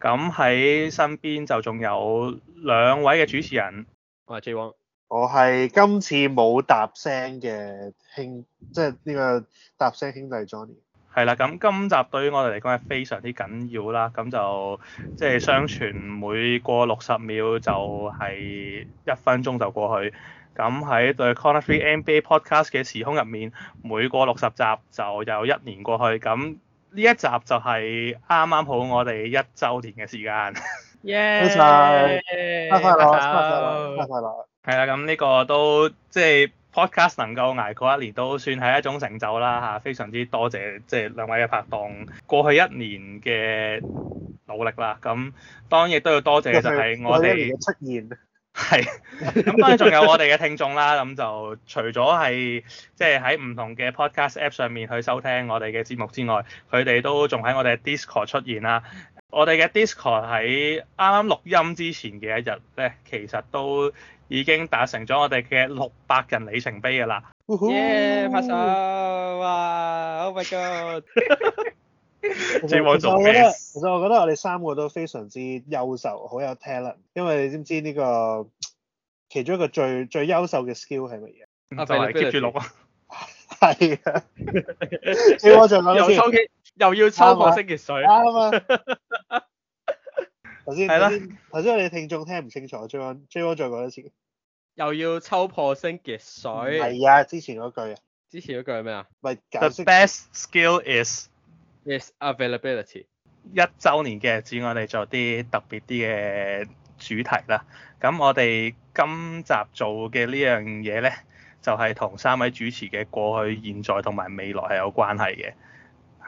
咁喺身邊就仲有兩位嘅主持人，我係 J Wong，我係今次冇搭聲嘅兄，即係呢個搭聲兄弟 Johnny。係啦，咁今集對於我哋嚟講係非常之緊要啦。咁就即係、就是、相傳每過六十秒就係一分鐘就過去。咁喺 The Corner Three NBA Podcast 嘅時空入面，每過六十集就有一年過去。咁呢一集就係啱啱好我哋一週年嘅時間，恭喜曬，開心啦，開心啦，開心啦，係啦，咁呢個都即係、就是、podcast 能夠捱過一年，都算係一種成就啦嚇，非常之多謝即係、就是、兩位嘅拍檔過去一年嘅努力啦，咁當然亦都要多謝嘅就係我哋。係，咁當然仲有我哋嘅聽眾啦，咁就除咗係即係喺唔同嘅 podcast app 上面去收聽我哋嘅節目之外，佢哋都仲喺我哋嘅 Discord 出現啦。我哋嘅 Discord 喺啱啱錄音之前嘅一日咧，其實都已經達成咗我哋嘅六百人里程碑㗎啦。Yeah，拍手！哇，Oh my god！ Juno 做咩？其實我覺得我哋三個都非常之優秀，好有 talent。因為你知唔知呢個其中一個最最優秀嘅 skill 係乜嘢？就嚟 keep 住錄啊，係了啊，Juno 是、啊、 再又，又抽機，又要抽破星杰水。啱啊。頭先係啦，頭 先才的我哋聽眾聽唔清楚 Juno，Juno 再講一次。又要抽破星杰水。係、嗯、啊，之前嗰句。之前嗰句係咩啊？咪 The best skill is. Yes, availability。一週年嘅日子我哋做啲特別啲嘅主題啦。咁我哋今集做嘅呢樣嘢咧，就係、是、同三位主持嘅過去、現在同埋未來係有關係嘅。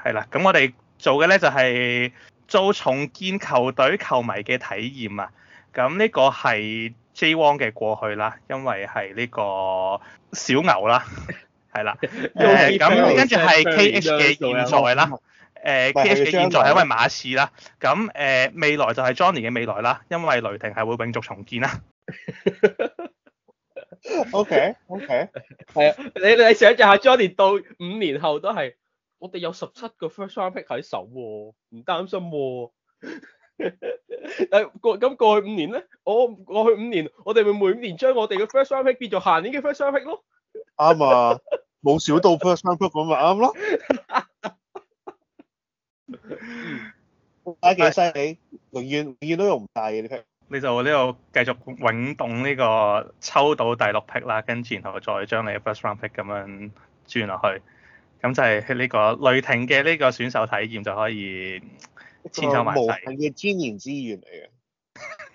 係啦，咁我哋做嘅咧就係、是、做重建球隊球迷嘅體驗啊。咁、嗯、呢、這個係 J.Wong 嘅過去啦，因為係呢個小牛啦。係啦，誒咁跟住係 K.H 嘅現在啦。誒 c 嘅現在係因為馬刺啦，咁、呃、誒未來就係 Johnny 嘅未來啦，因為雷霆係會永續重建啦。O K O K，係啊，你你想象下 Johnny 到五年後都係，我哋有十七個 first round pick 喺手喎、哦，唔擔心喎、哦。誒 咁過去五年咧，我過去五年我哋會每年將我哋嘅 first round pick 變做下年嘅 first round pick 咯。啱 啊，冇少到 first round pick 咁咪啱咯。 哇！幾犀利，永遠永遠都用唔晒嘅呢批，你就呢度繼續永動呢個抽到第六 pick 啦，跟住然後再將你嘅 first round pick 咁樣轉落去，咁就係呢、呢個雷霆嘅呢個選手體驗就可以，無限嘅天然資源嚟嘅。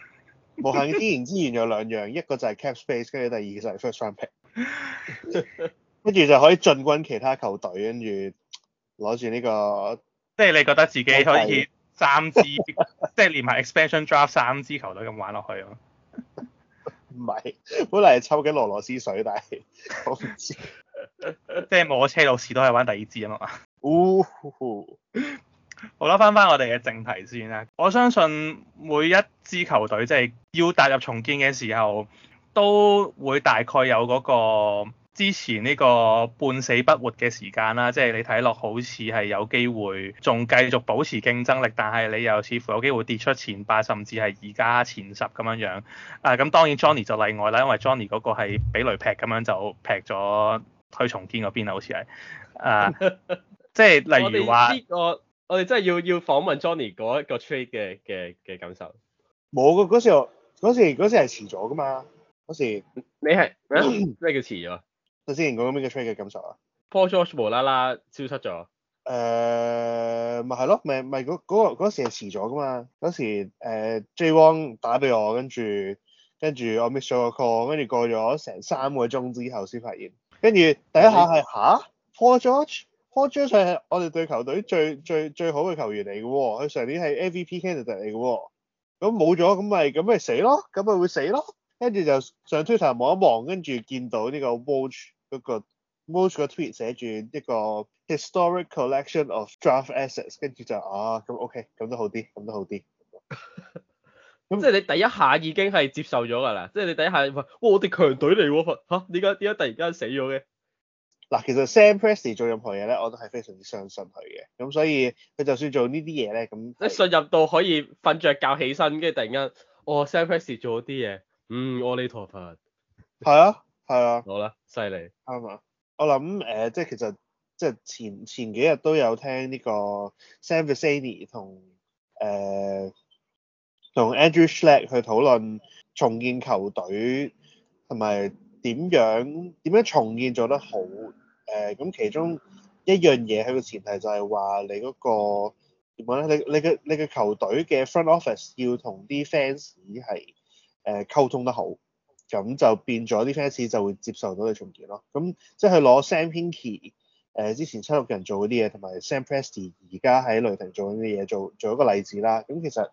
無限嘅天然資源有兩樣，一個就係 cap space，跟住第二個就係 first round pick，跟住 就可以進軍其他球隊，跟住攞住呢個。即係你覺得自己可以三支 ，即係連埋 Expansion Draft 三支球隊咁玩落去咯？唔係，本嚟係抽緊俄羅斯水，但係我唔知。 即係冇車路士都係玩第二支啊嘛。哦 Ooh. 好啦，翻翻我哋嘅正題先啦。我相信每一支球隊即係要踏入重建嘅時候，都會大概有嗰、嗰個。之前呢個半死不活嘅時間啦，即、就、係、是、你睇落好似係有機會仲繼續保持競爭力，但係你又似乎有機會跌出前八，甚至係而家前十咁樣樣。誒、啊，咁當然 Johnny 就例外啦，因為 Johnny 嗰個係俾雷劈咁樣就劈咗去重建嗰邊啦，好似係誒。即、啊、係、就是、例如話、 這個，我我哋真係要要訪問 Johnny 嗰一個 trade 嘅嘅嘅感受。冇嗰嗰時，嗰時係遲咗㗎嘛。嗰時你係咩叫遲咗？ 就之前講緊邊個出嘅感受啊？Paul George 無啦啦消失咗？誒，uh，咪係咯，咪咪嗰嗰個嗰時係遲咗噶嘛。嗰時 J One 打俾我，跟住跟住我 miss 咗個 call，跟住過咗成三個鐘之後先發現。跟住第一下係嚇，Paul George，Paul George 係 George 我哋隊球隊最最最好嘅球員嚟嘅喎，佢上年係 MVP candidate 嚟嘅喎。咁冇咗，咁咪咁咪死咯，咁咪會死咯。跟住就上 Twitter 望一望，跟住見到呢個嗰、那個 most 個 tweet 寫住一個 historic collection of draft assets，跟住就啊咁 OK，咁都好啲，咁都好啲。咁 那即係你第一下已經係接受咗㗎啦，即係你第一下唔哇！我哋強隊嚟喎佛，點解點解突然間死咗嘅？嗱，其實 Sam Presti 做任何嘢咧，我都係非常之相信佢嘅。咁所以佢就算做呢啲嘢咧，咁、就是、你信任到可以瞓着覺起身，跟住突然間，哦，Sam Presti 做咗啲嘢，嗯，阿彌陀佛。係 啊。係啊，好啦，犀利。啱啊，我諗誒、呃，即係其實即係前前幾日都有聽呢個 Sam Vecenie 同誒、呃、同 Andrew Schleck 去討論重建球隊同埋點樣點樣重建做得好誒，咁、呃、其中一樣嘢佢嘅前提就係話你嗰、那個點講咧？你你嘅你嘅球隊嘅 front office 要同啲 fans 係誒溝通得好。咁就變咗啲 fans 就會接受到你重建咯。咁即係攞 Sam Hinkie 誒、呃、之前七六人做嗰啲嘢，同埋 Sam Presti 而家喺雷霆做緊啲嘢，做做一個例子啦。咁其實誒、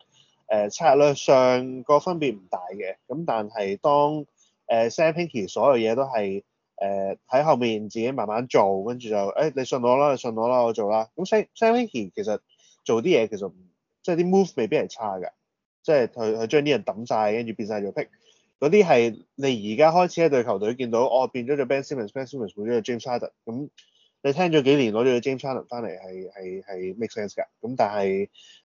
呃、策略上個分別唔大嘅。咁但係當誒 Sam Hinkie 所有嘢都係誒喺後面自己慢慢做，跟住就誒你信我啦，你信我啦，我做啦。咁 Sam Sam Hinkie 其實做啲嘢其實即係啲 move 未必係差嘅，即係佢佢將啲人揼晒，跟住變晒做 pick。嗰啲係你而家開始喺對球隊見到，哦，變咗做 Ben Simmons，Ben Simmons 變咗做 James Harden，咁、嗯、你聽咗幾年攞咗個 James Harden 翻嚟係係係 make sense 㗎。咁、嗯、但係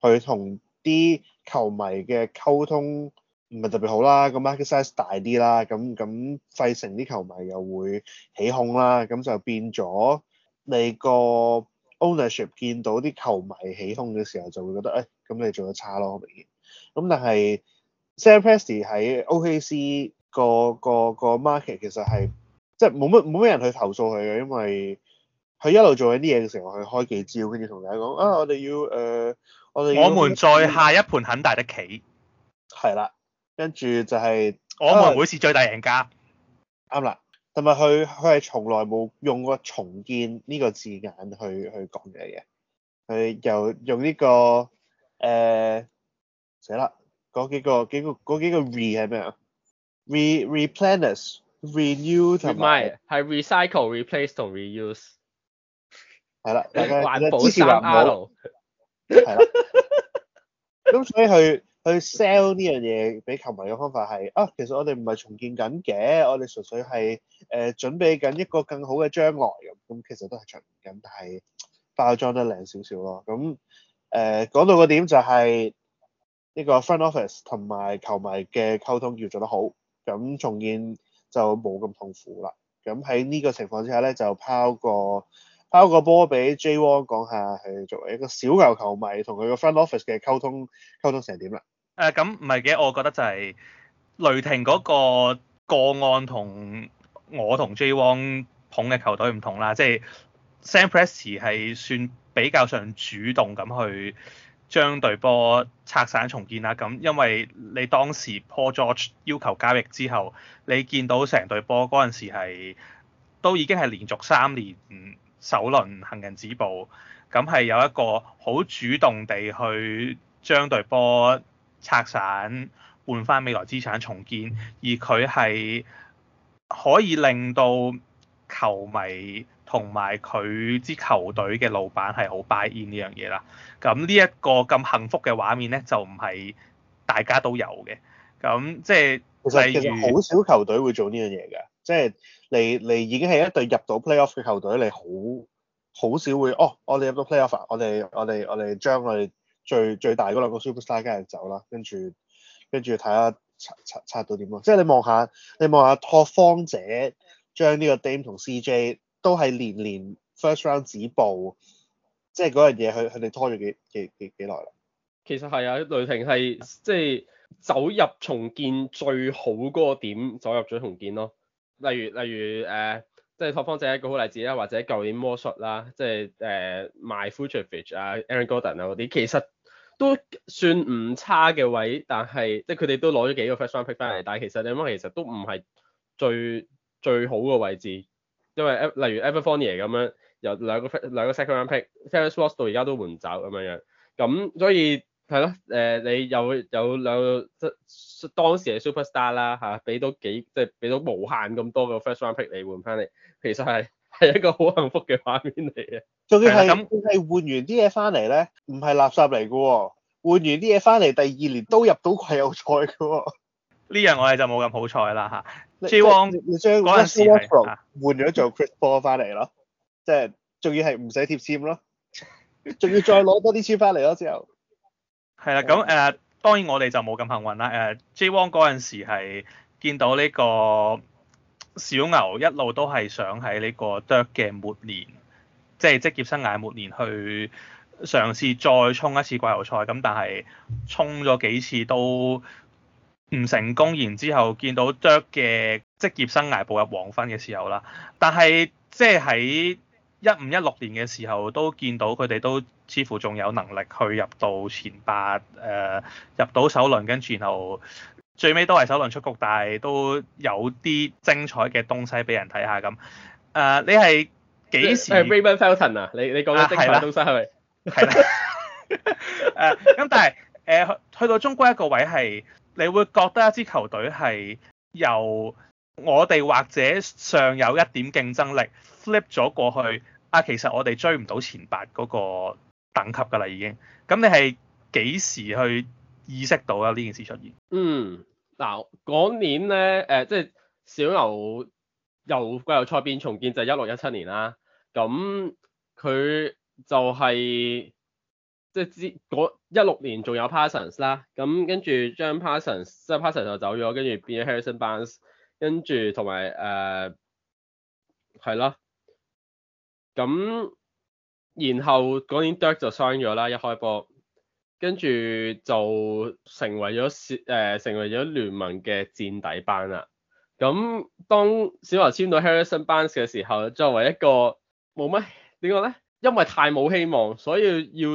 佢同啲球迷嘅溝通唔係特別好啦，咁 market size 大啲啦，咁咁費城啲球迷又會起哄啦，咁、嗯、就變咗你個 ownership 見到啲球迷起哄嘅時候就會覺得，誒、哎、咁你做得差咯，好明顯。咁、嗯、但係。Sam Presti、OK、喺 OKC、那個、那個個 market 其實係即係冇乜冇咩人去投訴佢嘅，因為佢一路做緊啲嘢嘅時候，佢開幾招，跟住同大家講啊，我哋要誒、呃，我哋我們再下一盤很大的棋，係啦，跟住就係、是、我們每次最大贏家，啱啦、啊，同埋佢佢係從來冇用過重建呢個字眼去去講嘢嘅，佢又用呢、這個誒寫啦。呃嗰幾個幾個嗰幾個 re 係咩啊？re-replanters、renew 同唔係，係 recycle、replace 同 reuse 係啦，大家支持話唔好係啦。咁所以去去 sell 呢樣嘢俾球迷嘅方法係啊，其實我哋唔係重建緊嘅，我哋純粹係誒準備緊一個更好嘅將來咁。咁其實都係重建緊，但係包裝得靚少少咯。咁誒講到個點就係。呢個 front office 同埋球迷嘅溝通要做得好，咁重建就冇咁痛苦啦。咁喺呢個情況之下咧，就拋個拋個波俾 J. Wong 講下，係作為一個小牛球，球迷同佢個 front office 嘅溝通溝通成點啦？誒、啊，咁唔係嘅，我覺得就係雷霆嗰個個案同我同 J. Wong 捧嘅球隊唔同啦。即係 Sam Presti 是係算比較上主動咁去。將隊波拆散重建啦，咁因為你當時 Paul George 要求交易之後，你見到成隊波嗰陣時係都已經係連續三年首輪行人止步，咁係有一個好主動地去將隊波拆散，換返未來資產重建，而佢係可以令到球迷同埋佢支球隊嘅老闆係好 buy in 呢樣嘢啦。咁呢一個咁幸福嘅畫面咧，就唔係大家都有嘅。咁即係其實其實好少球隊會做呢樣嘢嘅。即係你你已經係一隊入到 playoff 嘅球隊，你好好少會哦。我哋入到 playoff，我哋我哋我哋將我哋最最大嗰兩個 superstar 跟住走啦。跟住跟住睇下拆拆拆到點咯。即係你望下，你望下拓荒者將呢個 Dame 同 CJ 都係年年 first round 止步。即係嗰樣嘢，佢佢哋拖咗幾幾幾幾耐啦。其實係啊，雷霆係即係走入重建最好嗰個點，走入咗重建咯。例如例如誒，即係拓荒者一個好例子啦，或者舊年魔術啦，即係誒 Vucevic 啊，Aaron Gordon 啊嗰啲，其實都算唔差嘅位，但係即係佢哋都攞咗幾個 First Round Pick 翻嚟，的但係其實你諗下，其實都唔係最最好嘅位置，因為例如 Fournier 咁樣。有兩個 first 兩個 second round pick，first round 到而家都換走咁樣樣，咁所以係咯，誒、呃、你有有兩即當時係 superstar 啦嚇，俾、啊、到幾即係俾到無限咁多個 first round pick 你換翻嚟，其實係係一個好幸福嘅畫面嚟嘅。仲要係係換完啲嘢翻嚟咧，唔係垃圾嚟嘅喎，換完啲嘢翻嚟第二年都入到季後賽嘅喎、喔。呢樣我哋就冇咁好彩啦嚇。Jewon、啊、嗰陣時換咗做 Chris Paul 翻嚟咯。即係仲要係唔使貼籤，咯仲要再攞多啲籤翻嚟咯之後。係啦，咁誒、uh, 當然我哋就冇咁幸運啦誒 Jone 嗰陣時，係見到呢個小牛一路都係想喺呢個 Dirk 嘅末年，即係職業生涯末年去嘗試再衝一次季後賽咁，但係衝咗幾次都唔成功，然之後見到 Dirk 嘅職業生涯步入黃昏嘅時候啦，但係即係喺。就是一五一六年嘅時候都見到佢哋都似乎仲有能力去入到前八誒、呃、入到首輪，跟住然後最尾都係首輪出局，但係都有啲精彩嘅東西俾人睇下咁。誒、呃，你係幾時 Raymond Felton 啊，你你講嘅精彩東西係咪？係啦。誒，咁但係誒、呃、去到中規一個位係，你會覺得一支球隊係由。我哋或者尚有一點競爭力，flip 咗過去啊，其實我哋追唔到前八嗰個等級噶啦，已經。咁你係幾時去意識到啊，呢件事出現？嗯，嗱，嗰年咧，誒，即係小牛由季後賽變重建就係一六一七年啦。咁佢就係即係知嗰一六年仲有 Parsons 啦。咁跟住將 Parsons 即係 Parsons 就走咗，跟住變咗 Harrison Barnes。跟住同埋誒，係啦，咁、呃、然後嗰年 Dirk 就傷咗啦，一開波，跟住就成為咗誒、呃、成為咗聯盟嘅墊底班啦。咁當小牛簽到 Harrison Barnes 嘅時候，作為一個冇乜點講咧，因為太冇希望，所以要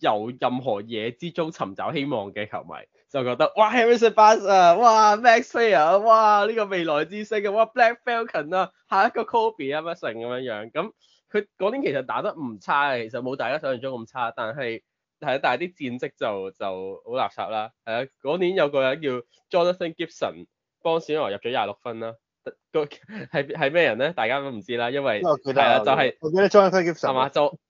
由任何嘢之中尋找希望嘅球迷。就覺得哇，Harrison Barnes 啊，哇，Max Taylor 啊，哇，呢個未來之星啊，哇，Black Falcon 啊，下一個 Kobe 啊，乜剩咁樣樣。咁佢嗰年其實打得唔差嘅，其實冇大家想象中咁差。但係係啊，但係啲戰績就就好垃圾啦。係啊，嗰年有個人叫 Jonathan Gibson 幫小牛入咗廿六分啦。個係咩人咧？大家都唔知啦，因為係啊，就係我記得，就係我記得 Jonathan Gibson 係嘛，就。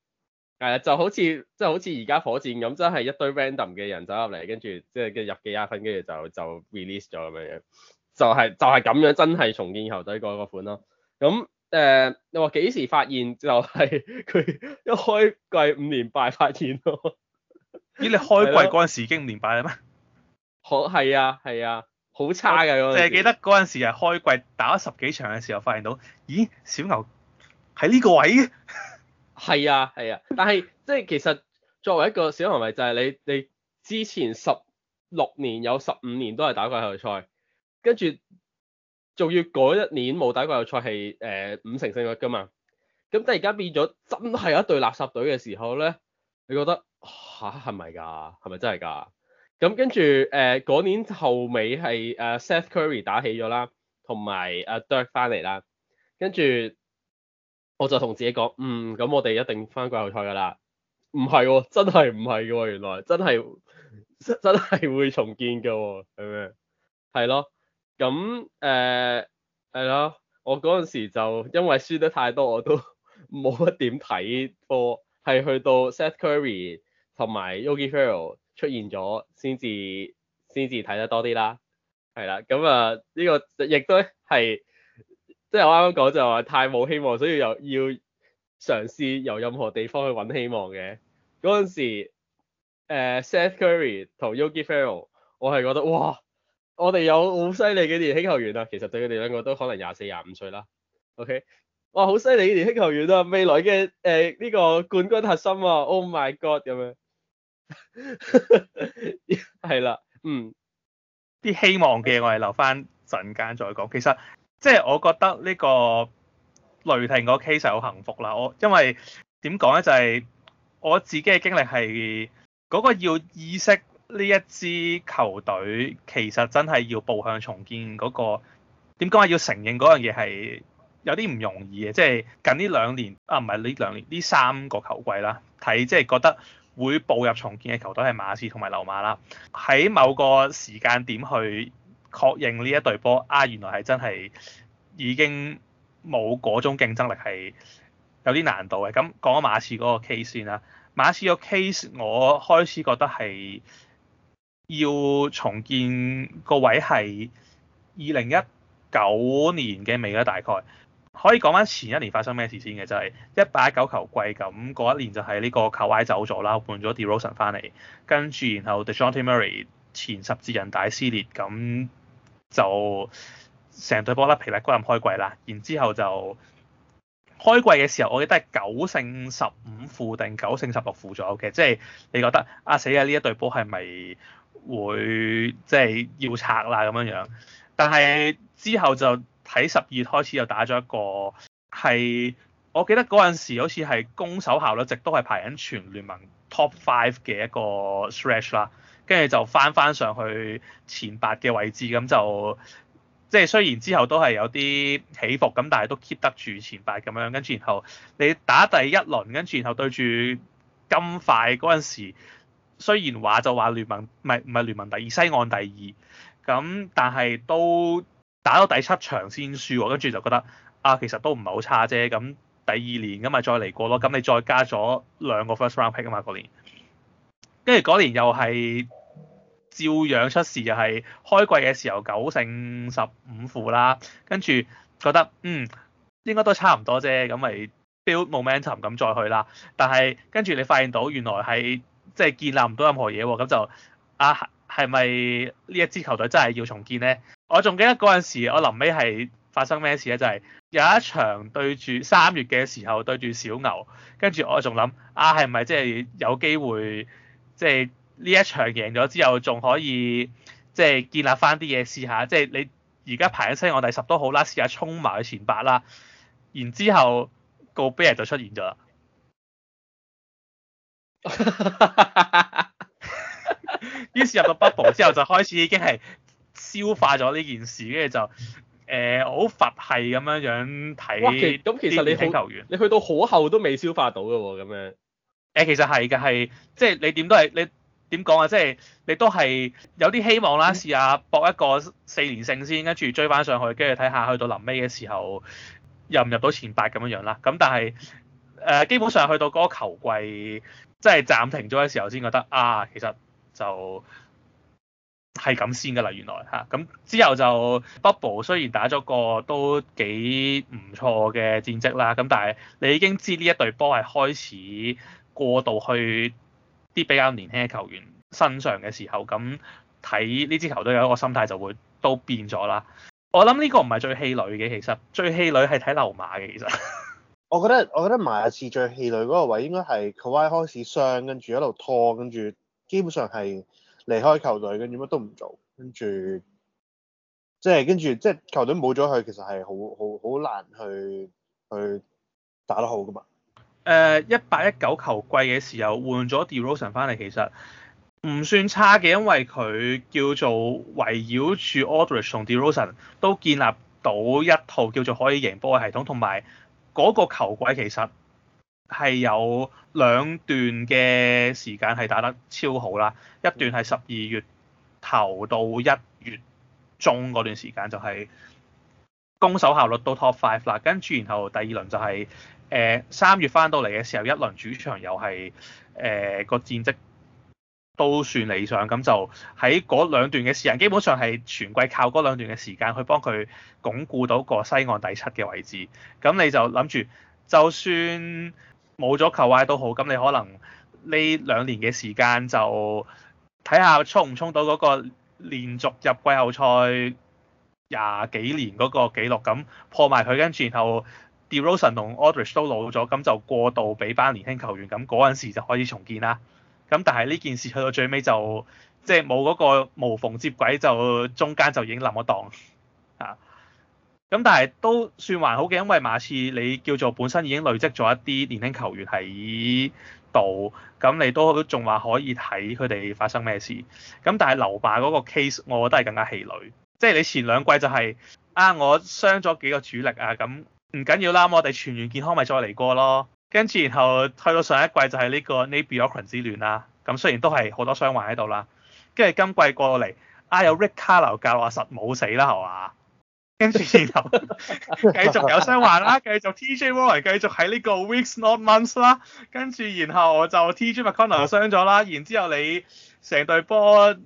係啊，就好似即係好似而家火箭咁，真係一堆 random 嘅人走入嚟，跟住即係跟入幾廿分，跟住就就 release 咗咁樣嘢，就係就係咁樣，真係重建球隊嗰個款咯。咁誒，你話幾時發現就係佢一開季五連敗發現咯？咦，你開季嗰陣時已經五連敗啦咩？好，係啊係啊，好差嘅我陣時。淨係記得嗰陣時係開季打咗十幾場嘅時候發現到，咦，小牛喺呢個位。 係啊係啊，但係即係其實作為一個小球迷，就係你你之前十六年有十五年都係打季後賽，跟住仲要嗰一年冇打季後賽係誒、呃、五成勝率㗎嘛，咁但係而家變咗真係一隊垃圾隊嘅時候咧，你覺得吓，係咪㗎？係咪真係㗎？咁跟住誒嗰年後尾係誒 Seth Curry 打起咗啦，同埋阿 Dirk 翻嚟啦，跟住。我就同自己講，嗯，咁我哋一定返季後賽㗎啦。唔係喎，真係唔係㗎喎，原來真係真真係會重建㗎喎，係咪？係咯，咁誒係咯。我嗰陣時就因為輸得太多，我都冇乜點睇波，係去到 Seth Curry 同埋 Yogi Ferrell 出現咗，先至先至睇得多啲啦。係啦，咁啊呢個亦都係。即係我啱啱講就話太冇希望，所以又要，要嘗試由任何地方去揾希望嘅嗰陣時，呃，Seth Curry 同 Yogi Ferrell，我係覺得哇，我哋有好犀利嘅年輕球員啊！其實對佢哋兩個都可能廿四廿五歲啦。OK，哇，好犀利嘅年輕球員啊！未來嘅誒呢個冠軍核心啊！Oh my God！咁樣係啦， 嗯，啲希望嘅我係留翻陣間再講，其實。即係我覺得呢個雷霆個 case 好幸福啦。我因為點講咧？就係、是、我自己嘅經歷係嗰、那個要意識呢一支球隊其實真係要步向重建嗰、那個點講話要承認嗰樣嘢係有啲唔容易嘅，即、就、係、是、近呢兩年啊，唔係呢兩年呢三個球季啦，睇即係覺得會步入重建嘅球隊係馬刺同埋溜馬啦，喺某個時間點去。確認呢一隊波啊，原來係真係已經冇嗰種競爭力係有啲難度嘅。咁講下馬刺嗰個 case 先啦。馬刺個 case 我開始覺得係要重建個位係二零一九年嘅尾啦，大概可以講翻前一年發生咩事先嘅，就係一八一九球季咁，嗰一年就係呢個 Kawhi 走咗啦，換咗 DeRozan 翻嚟，跟住然後 Dejounte Murray 前十字韌帶撕裂咁。就成隊波甩皮甩骨咁開季啦，然之後就開季嘅時候，我記得係九勝十五負定九勝十六負咗嘅，okay，即係你覺得啊死啊，呢一隊波係咪會即係要拆啦咁樣樣？但係之後就喺十二月開始又打咗一個係，我記得嗰陣時好似係攻守效率值都係排緊全聯盟 top five 嘅一個 stretch 啦。跟住就翻翻上去前八嘅位置，咁就即係雖然之後都係有啲起伏，咁但係都 keep 得住前八咁樣，跟住然後，你打第一輪跟住然後對住金塊嗰陣時，雖然話就話聯盟唔係唔係聯盟第二，西岸第二，咁但係都打到第七場先輸，跟住就覺得啊，其實都唔係好差啫。咁第二年咁咪再嚟過咯。咁你再加咗兩個 first round pick 啊嘛，嗰年，跟住嗰年又係。照樣出事，又係開季嘅時候九勝十五負啦，跟住覺得，嗯應該都差唔多啫，咁咪 build momentum 咁再去啦。但係跟住你發現到原來係即係建立唔到任何嘢喎、哦，咁就啊係咪呢一支球隊真係要重建咧？我仲記得嗰陣時，我臨尾係發生咩事咧？就係、是、有一場對住三月嘅時候對住小牛，跟住我仲諗啊係咪即係有機會即係。就是呢一場贏咗之後，仲可以即係、就是、建立翻啲嘢試下，即係你而家排喺西岸第十都好啦，試下衝埋去前八啦。然之後、那個悲就出現咗啦。 於是入到 bubble 之後，就開始已經係消化咗呢件事，跟住就誒好、呃、佛系咁樣樣睇啲青球員。你去到好後都未消化到嘅喎、哦，咁樣誒、欸，其實係嘅，係即係你點都係你。點講啊？即係、就是、你都係有啲希望啦，試下搏一個四連勝先，跟住追翻上去，跟住睇下去到臨尾嘅時候入唔入到前八咁樣樣啦。咁但係誒、呃、基本上去到嗰個球季即係暫停咗嘅時候，先覺得啊，其實就係咁先噶啦，原來吓，咁、啊、之後就 Bubble 雖然打咗個都幾唔錯嘅戰績啦，咁但係你已經知呢一隊波係開始過度去啲比較年輕嘅球員身上嘅時候，咁睇呢支球隊有一個心態就會都變咗啦。我諗呢個唔係最氣餒嘅，其實最氣餒係睇流馬嘅。其實我覺得我覺得馬刺最氣餒嗰個位應該係科威開始傷，跟住一路拖，跟住基本上係離開球隊，跟住乜都唔做，跟住即係跟住即係球隊冇咗佢，其實係好好好難去去打得好㗎嘛。誒，一八一九球季嘅時候換咗 DeRozan 翻嚟，其實唔算差嘅，因為佢叫做圍繞住 Aldridge 同 DeRozan 都建立到一套叫做可以贏波嘅系統，同埋嗰個球季其實係有兩段嘅時間係打得超好啦，一段係十二月頭到一月中嗰段時間就係、是、攻守效率都 top five 啦，跟住然後第二輪就係、是。誒、呃、三月翻到嚟嘅時候，一輪主場又係誒個戰績都算理想，咁就喺嗰兩段嘅時間，基本上係全季靠嗰兩段嘅時間去幫佢鞏固到個西岸第七嘅位置。咁你就諗住，就算冇咗球壞都好，咁你可能呢兩年嘅時間就睇下衝唔衝到嗰個連續入季後賽廿幾年嗰個紀錄，咁破埋佢，跟住然後。Derozan 同 Audrich 都老咗，咁就過渡俾班年輕球員，咁嗰陣時就可以重建啦。咁但係呢件事去到最尾就即係冇嗰個無縫接軌，就中間就已經冧咗檔啊。咁但係都算還好嘅，因為馬刺你叫做本身已經累積咗一啲年輕球員喺度，咁你都仲話可以睇佢哋發生咩事。咁但係留霸嗰個 case，我覺得係更加氣餒，即係你前兩季就係啊，我傷咗幾個主力啊咁。唔緊要啦，我哋全員健康咪再嚟過咯。跟住然後去到上一季就係呢個 Nate Bjorkgren 之亂啦。咁雖然都係好多傷患喺度啦。跟住今季過嚟，啊有 Rick Carlisle 教實冇死啦係嘛？跟住然後繼 續有傷患啦，繼續 TJ Warren 繼續喺呢個 weeks not months 啦。跟住然後就 TJ McConnell 又傷咗啦。然之後你成隊波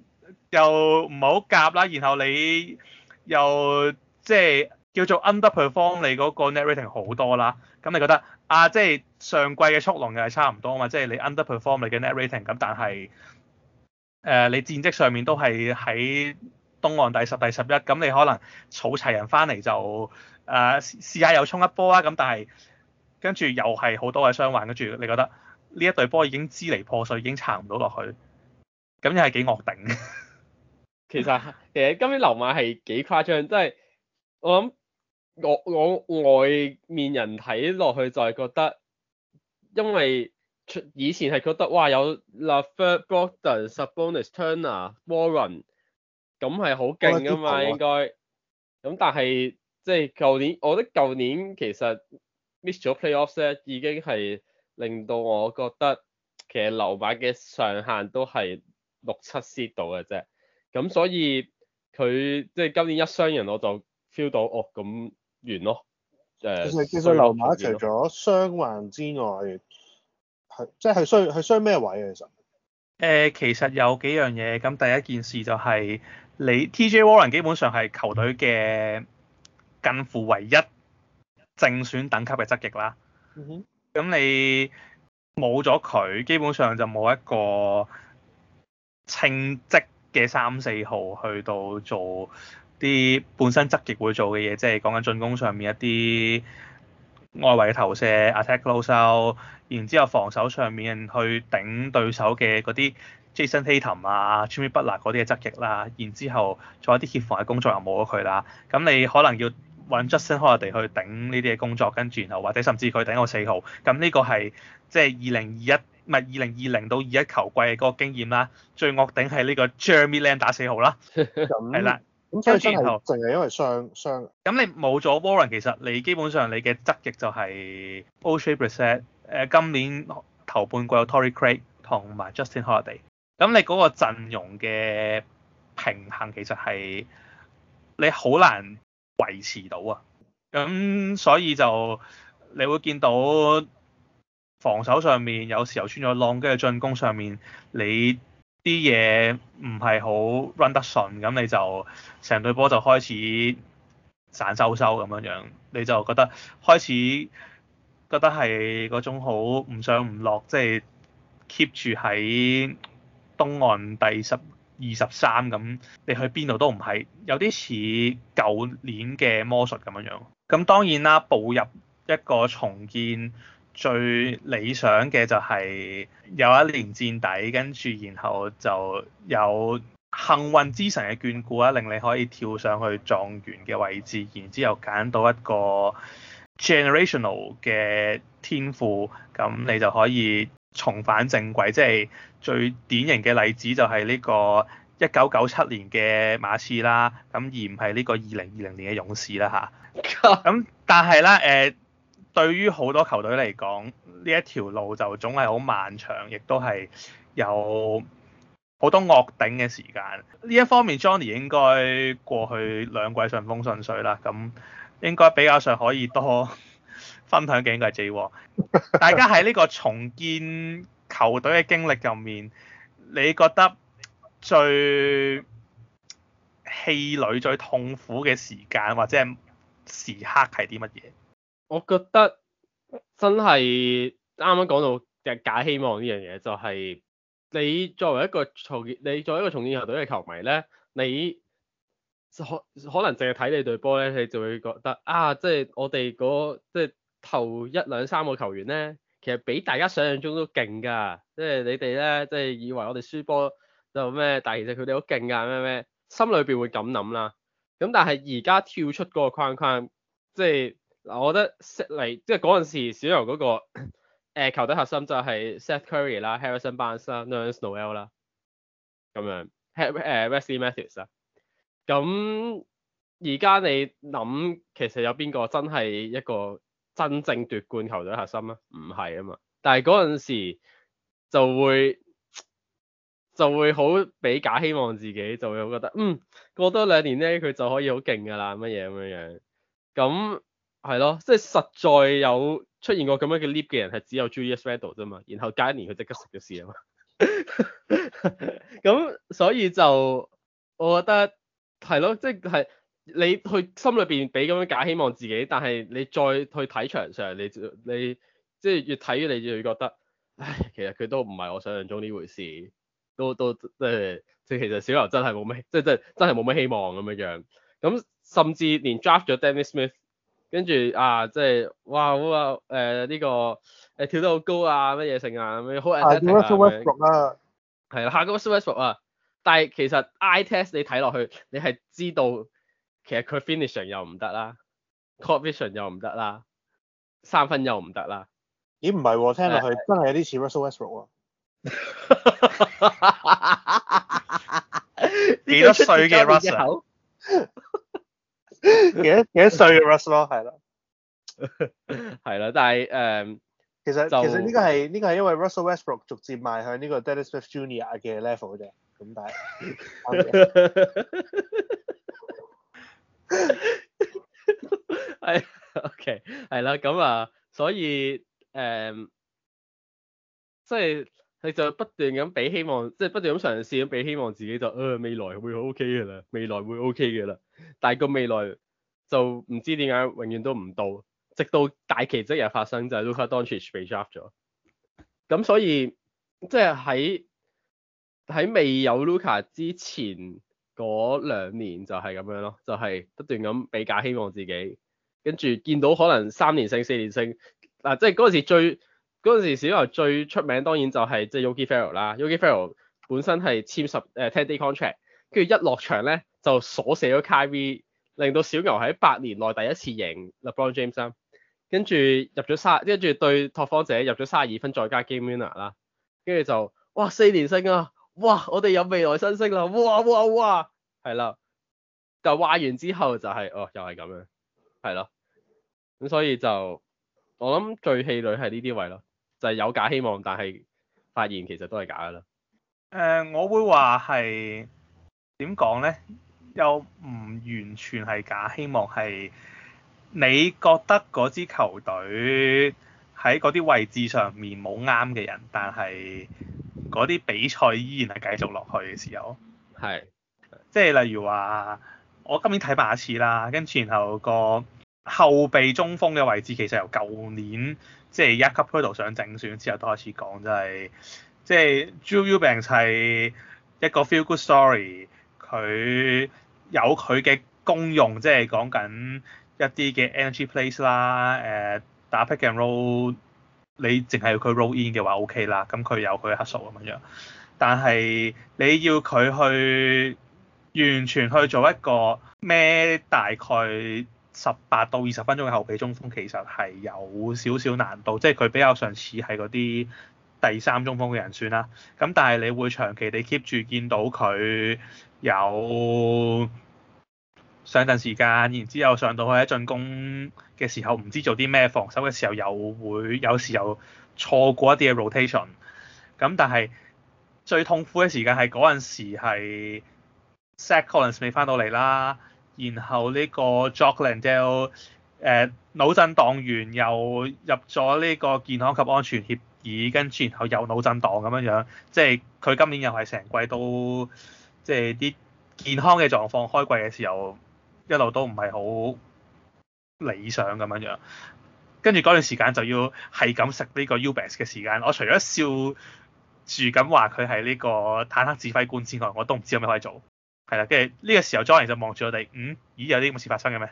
又唔好夾啦。然後你又即係。叫做 underperform 你嗰個 net rating 好多啦，咁你覺得啊，即係上季嘅速龍又係差唔多啊嘛，即係你 underperform 你嘅 net rating，咁但係誒、呃、你戰績上面都係喺東岸第十、第十一，咁你可能儲齊人翻嚟就誒、呃、試下又衝一波啊，咁但係跟住又係好多嘅傷患，跟住你覺得呢一隊波已經支離破碎，已經撐唔到落去，咁又係幾惡頂 其，其實其實今年流馬係幾誇張，即係我諗。我我外面人睇落去就係覺得，因為以前係覺得哇有 l o v l e u r Brodin、s p b o n e s Turner、Warren 咁係好勁噶嘛應該。咁但係即係舊年，我覺得舊年其實 miss 咗 playoffs e t 已經係令到我覺得其實留板嘅上限都係六七 s 度嘅啫。咁所以佢即係今年一雙人我就 feel 到哦咁。完咯，誒、呃，其實其實溜馬除咗傷患之外，係即係傷係傷咩位啊？其實誒、呃，其實有幾樣嘢，咁第一件事就係、是、你 TJ Warren 基本上係球隊嘅近乎唯一正選等級嘅側翼啦。嗯咁、mm hmm. 你冇咗佢，基本上就冇一個稱職嘅三四號去到做啲本身側翼會做嘅嘢，即係講緊進攻上面一啲外圍嘅投射、attack closeout 然之後防守上面去頂對手嘅嗰啲 Jayson Tatum 啊、Jimmy Butler 嗰啲嘅側翼啦，然之後做一啲協防嘅工作又冇咗佢啦。咁你可能要揾 Justin Holiday 去頂呢啲嘅工作，跟住然後或者甚至佢頂我四號。咁呢個係即係二零二一，唔係二零二零到二一球季嗰個經驗啦。最惡頂係呢個 Jeremy Lin 打四號啦，係啦。 咁所以，真係淨係因為雙雙。咁頭你冇咗 Warren，其實你基本上你嘅側翼就係 Oshae Brissett，誒今年頭半季有 Torrey Craig 同埋 Justin Holiday。咁你嗰個陣容嘅平衡其實係你好難維持到啊。咁所以就你會見到防守上面有時候穿咗浪，跟嘅進攻上面你啲嘢唔係好 run 得順，咁你就成隊波就開始散收收咁樣樣，你就覺得開始覺得係嗰種好唔上唔落，即係 keep 住喺東岸第十二十三咁，你去邊度都唔係，有啲似舊年嘅魔術咁樣樣。咁當然啦，步入一個重建。最理想嘅就係有一年墊底，跟住然後就有幸運之神嘅眷顧啊，令你可以跳上去狀元嘅位置，然之後揀到一個 generational 嘅天賦，咁你就可以重返正軌。即係最典型嘅例子就係呢個一九九七年嘅馬刺啦，咁而唔係呢個二零二零年嘅勇士啦吓，咁但係咧誒？呃對於好多球隊嚟講，呢一條路就總係好漫長，亦都係有好多惡頂嘅時間。呢一方面，Johnny 應該過去兩季順風順水啦，咁應該比較上可以多分享幾句字喎。大家喺呢個重建球隊嘅經歷入面，你覺得最氣餒、最痛苦嘅時間或者係時刻係啲乜嘢？我覺得真係啱啱講到嘅假希望呢樣嘢，就係、是、你，你作為一個重你作為一個重建球隊嘅球迷咧，你可可能淨係睇你隊波咧，你就會覺得啊，即係我哋嗰、那個、即係頭一兩三個球員咧，其實比大家想象中都勁㗎，即係你哋咧，即係以為我哋輸波就咩，但其實佢哋好勁㗎，咩咩心裏邊會咁諗啦。咁但係而家跳出嗰個框框，即係。嗱，我覺得嚟即係嗰陣時小、那個，小牛嗰個球隊核心就係 Seth Curry 啦、Harrison Barnes 啦、Nerlens Noel 啦，咁樣誒、欸、Wesley Matthews 啦。咁而家你諗，其實有邊個真係一個真正奪冠球隊核心啊？唔係啊嘛。但係嗰陣時就會就會好比較，希望自己就會覺得嗯過多兩年咧，佢就可以好勁㗎喇，乜嘢咁樣樣咁。係咯，即係實在有出現過咁樣嘅 leap 嘅人係只有 Julius Randle 啫嘛，然後隔一年佢即刻食咗屎啊嘛。咁 所以就我覺得係咯，即係你去心裏面俾咁樣假希望自己，但係你再去睇場上，你你即係越睇越你越覺得，唉，其實佢都唔係我想象中呢回事，都都即係即係其實小牛真係冇咩，即係即係真係真係冇咩希望咁樣樣。咁甚至連 draft 咗 Dennis Smith。跟住啊，即係哇，好啊，誒、呃、呢、這個誒、呃、跳得好高啊，乜嘢成啊，咁樣好 entertaining 啊！係啦，下個 Russell Westbrook 啊，但係其實 I test 你睇落去，你係知道其實佢 finishing 又唔得啦，completion 又唔得啦，三分又唔得啦。咦？唔係喎，聽落去真係有啲似 Russell Westbrook、ok、喎、啊。幾 多歲嘅 Russell？ 幾多幾多歲嘅 Russ 咯，係啦，係啦，但係誒，其實其實呢個係呢個係因為 Russell Westbrook 逐漸邁向呢個 Dennis Smith Jr 嘅 level 啫，咁但係。係，OK，係啦，咁啊，所以誒，即係。你就不斷咁俾希望，即、就、係、是、不斷咁嘗試咁俾希望自己就啊未來會 OK 嘅啦，未來會 OK 嘅啦、OK。但係個未來就唔知點解永遠都唔到，直到大奇蹟日發生就係、是、Luka Doncic 被抓咗。咁所以即係喺喺未有 Luka 之前嗰兩年就係咁樣咯，就係、是、不斷咁俾假希望自己，跟住見到可能三連勝、四連勝嗱，即係嗰陣時最。嗰陣時，小牛最出名當然就係即係 Yogi Ferrell 啦。Yogi Ferrell 本身係簽十誒 ten-day、呃、contract，跟住一落場咧就鎖死咗 Kyrie 令到小牛喺八年內第一次贏 LeBron James 啦、啊。跟住入咗三，跟住對拓荒者入咗卅二分再加 Game Winner 啦、啊。跟住就哇四連勝啊！哇，我哋有未來新星啦！哇哇哇，係啦。但係話完之後就係、是、哦，又係咁樣，係咯。咁所以就我諗最氣餒係呢啲位咯。就係有假希望，但係發現其實都係假噶啦。誒、呃，我會話係點講呢？又唔完全係假希望，係你覺得嗰支球隊喺嗰啲位置上面冇啱嘅人，但係嗰啲比賽依然係繼續落去嘅時候。係。即係例如話，我今年睇馬刺啦，跟住然後個後備中鋒嘅位置，其實由舊年。即係一級 pseudo 想整選之後都開始講，真係即係 Drew Eubanks 係一個 feel good story，佢有佢嘅功用，即係講緊一啲嘅 energy plays 啦，誒打 pick and roll，你淨係要佢 roll in 嘅話 OK 啦，咁佢有佢嘅黑數咁樣，但係你要佢去完全去做一個咩大概？十八到二十分鐘嘅後備中鋒其實係有少少難度，即係佢比較上似係嗰啲第三中鋒嘅人選啦。咁但係你會長期地 keep 住見到佢有上陣時間，然之後上到去喺進攻嘅時候唔知做啲咩，防守嘅時候又會有時又錯過一啲嘅 rotation。咁但係最痛苦嘅時間係嗰陣時係 Zach Collins 未翻到嚟啦。然後呢個 Joel Embiid，d 誒腦、呃、震盪員又入咗呢個健康及安全協議，跟住然後又腦震盪咁樣樣，即係佢今年又係成季都即係啲健康嘅狀況，開季嘅時候一路都唔係好理想咁樣樣，跟住嗰段時間就要係咁食呢個 Ubers 嘅時間，我除咗笑住咁話佢係呢個坦克指揮官之外，我都唔知有咩可以做。係啦，跟住呢個時候，Johnny 就望住我哋，嗯，咦，有啲咁嘅事發生嘅咩？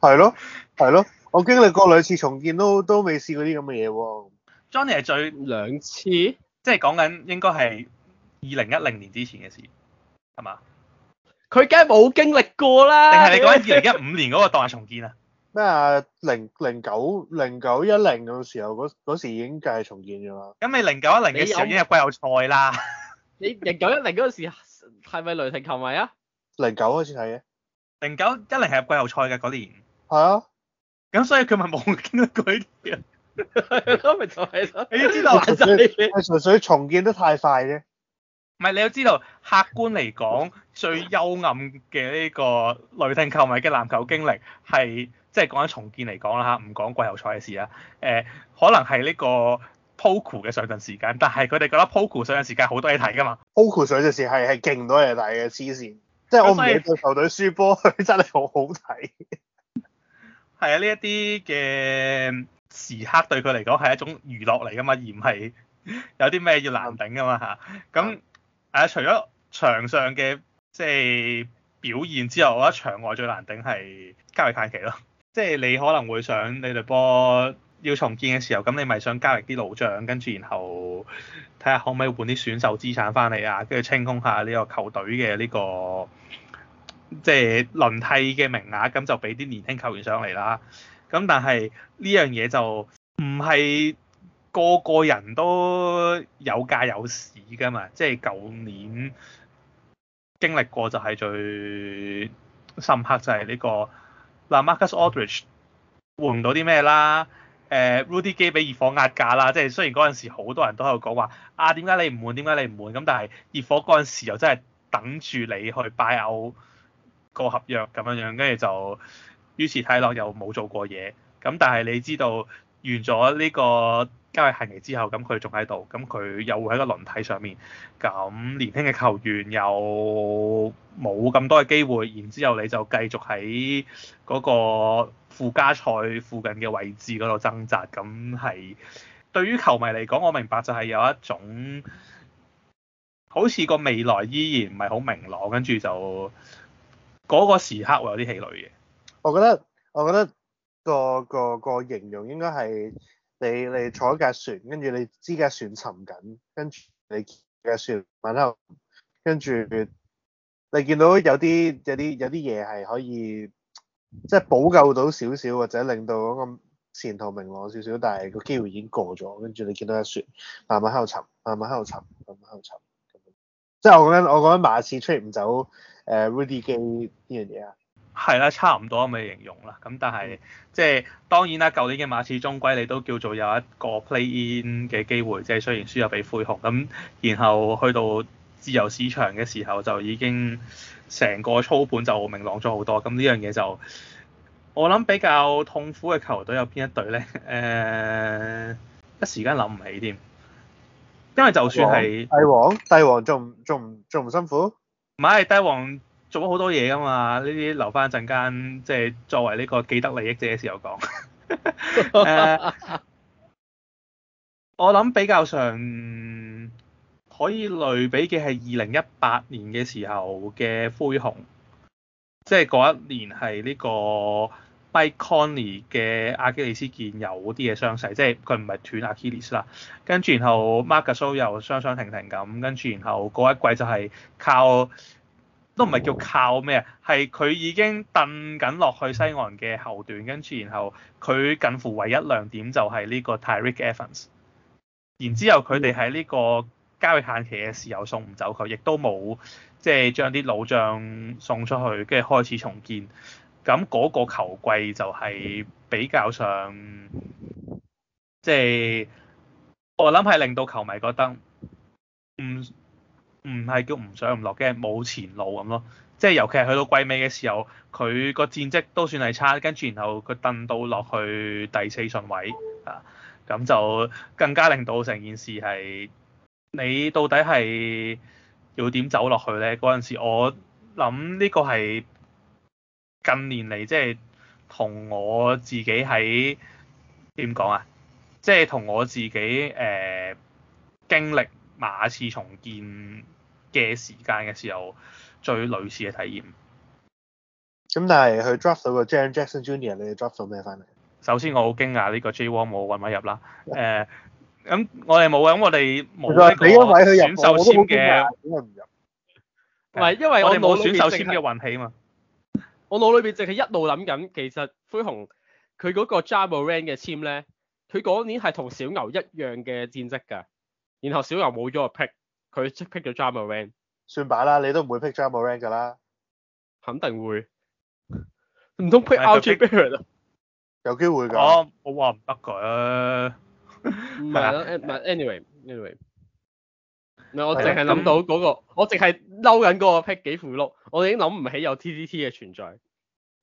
係咯，係咯，我經歷過兩次重建，都都未試過啲咁嘅嘢喎。Johnny 係最兩次，即係講緊應該係二零一零年之前嘅事，係嘛？佢梗係冇經歷過啦。定係你講緊二零一五年嗰個當下重建啊？咩啊？零零九零九一零嗰個時候，嗰嗰時已經計重建咗啦。咁你零九一零嘅時候已經入季後賽啦。你零九一零嗰個時？係咪雷霆球迷啊？零九開始睇嘅，零九一零係入季後賽嘅嗰年。係啊，咁所以佢咪冇經歷佢啲啊，咪就係咯，你要知道，你係咪純粹重建得太快啫？唔係，你要知道客觀嚟講，最幽暗嘅呢個雷霆球迷嘅籃球經歷，係即係講緊重建嚟講啦吓，唔講季後賽嘅事啊。誒、呃，可能係呢、這個。Poku 嘅上陣時間，但係佢哋覺得 Poku 上陣時間好多嘢睇噶嘛。Poku 上陣時係係勁多嘢睇嘅，黐線！即係我唔理個球隊輸波，佢真係好好睇。係啊，呢一啲嘅時刻對佢嚟講係一種娛樂嚟噶嘛，而唔係有啲咩要難頂噶嘛吓。咁誒、啊，除咗場上嘅即係表現之外，我覺得場外最難頂係交易太奇咯。即係你可能會想你隊波，要重建嘅時候，咁你咪想交易啲老將，跟住然後睇下可唔可以換啲選手資產翻嚟啊，跟住清空下呢個球隊嘅呢、呢個即係、即係、輪替嘅名額，咁就俾啲年輕球員上嚟啦。咁但係呢樣嘢就唔係個個人都有價有市㗎嘛，即係舊年經歷過就係最深刻就係呢、呢個嗱 Marcus Aldridge 換唔到啲咩啦。誒 Rudy Gay 俾熱火壓價啦，即係雖然嗰陣時好多人都喺度講話，啊點解你唔滿？點解你唔滿？咁但係熱火嗰陣時又真係等住你去 buy out 個合約咁樣樣，跟住就於是睇落又冇做過嘢。咁但係你知道完咗呢個交易限期之後，咁佢仲喺度，咁佢又會喺個輪替上面。咁年輕嘅球員又冇咁多嘅機會，然之後你就繼續喺嗰、那個。附加賽附近嘅位置嗰度掙扎，咁係對於球迷嚟講，我明白就係有一種好似個未來依然唔係好明朗，跟住就嗰個時刻會有啲氣餒嘅。我覺得我覺得個個個形容應該係你你坐一架船，跟住你知架船沉緊，跟住你嘅船揾後，跟住你見到有啲有啲有啲嘢係可以。即係補救到少少，或者令到嗰個前途明朗少少，但係個機會已經過咗，跟住你見到一船慢慢喺度沉，慢慢喺度沉，沉，咁喺度沉。即係我覺得，我覺得馬刺 trade 唔走誒 Rudy Gay 呢樣嘢啊。係啦，差唔多咁嘅形容啦。咁但係、嗯、即係當然啦，舊年嘅馬刺終歸你都叫做有一個 play in 嘅機會，即係雖然輸入畀灰熊咁，然後去到自由市場嘅時候就已經。成個操盤就明朗咗好多，咁呢樣嘢就我諗比較痛苦嘅球隊有邊一隊咧？誒、uh，一時間諗唔起添。因為就算係帝王，帝王仲仲仲唔辛苦？唔係帝王做咗好多嘢㗎嘛，呢啲留翻陣間即係作為呢個既得利益者嘅時候講。 uh, 我諗比較上。可以類比嘅係二零一八年嘅時候嘅灰熊，即係嗰一年係呢個 Mike Conley 嘅阿基里斯腱有啲嘢傷勢，即係佢唔係斷阿基里斯啦。跟住然後 Marc Gasol 又雙雙停停咁，跟住然後嗰一季就係靠都唔係叫靠咩啊，係佢已經蹬緊落去西岸嘅後段。跟住然後佢近乎唯一亮點就係呢個 Tyreke Evans。然之後佢哋喺呢個。交易限期嘅時候送唔走佢，亦都冇即係將啲老將送出去，跟住開始重建。咁嗰個球季就係比較上，即係我諗係令到球迷覺得唔唔係叫唔上唔落嘅冇前路咁咯。即係尤其係去到季尾嘅時候，佢個戰績都算係差，跟住然後佢跌到落去第四順位啊，咁就更加令到成件事係。你到底係要點走落去咧？嗰陣時我諗呢個係近年嚟即係同我自己喺點講啊？即係同我自己誒、呃、經歷馬刺重建嘅時間嘅時候最類似嘅體驗。咁但係佢 draft 咗個 Jaren Jackson Jr，你哋 draft 到咩翻嚟？首先我好驚訝呢個 J Wall 冇運位入啦，誒。呃 咁我哋冇啊！咁我哋冇呢個選秀籤嘅。唔唔係因為我冇選手籤嘅運氣啊嘛。我腦裏邊淨係一路諗緊，其實灰熊佢嗰個 j a v a r a e n 嘅籤咧，佢嗰年係同小牛一樣嘅戰績㗎。然後小牛冇咗個 Pick，佢即 Pick 咗 j a v a r a e n 算吧啦，你都唔會 Pick j a v a r a e n 噶啦。肯定會。唔通 Pick RJ b a r r e t 有機會㗎、啊。我我話唔得佢。啊！唔係咯，唔係，anyway，anyway，唔係的我淨係諗到嗰、那個嗯那個，我淨係嬲緊嗰個 pick 幾乎碌，我已經諗唔起有 TDT 嘅存在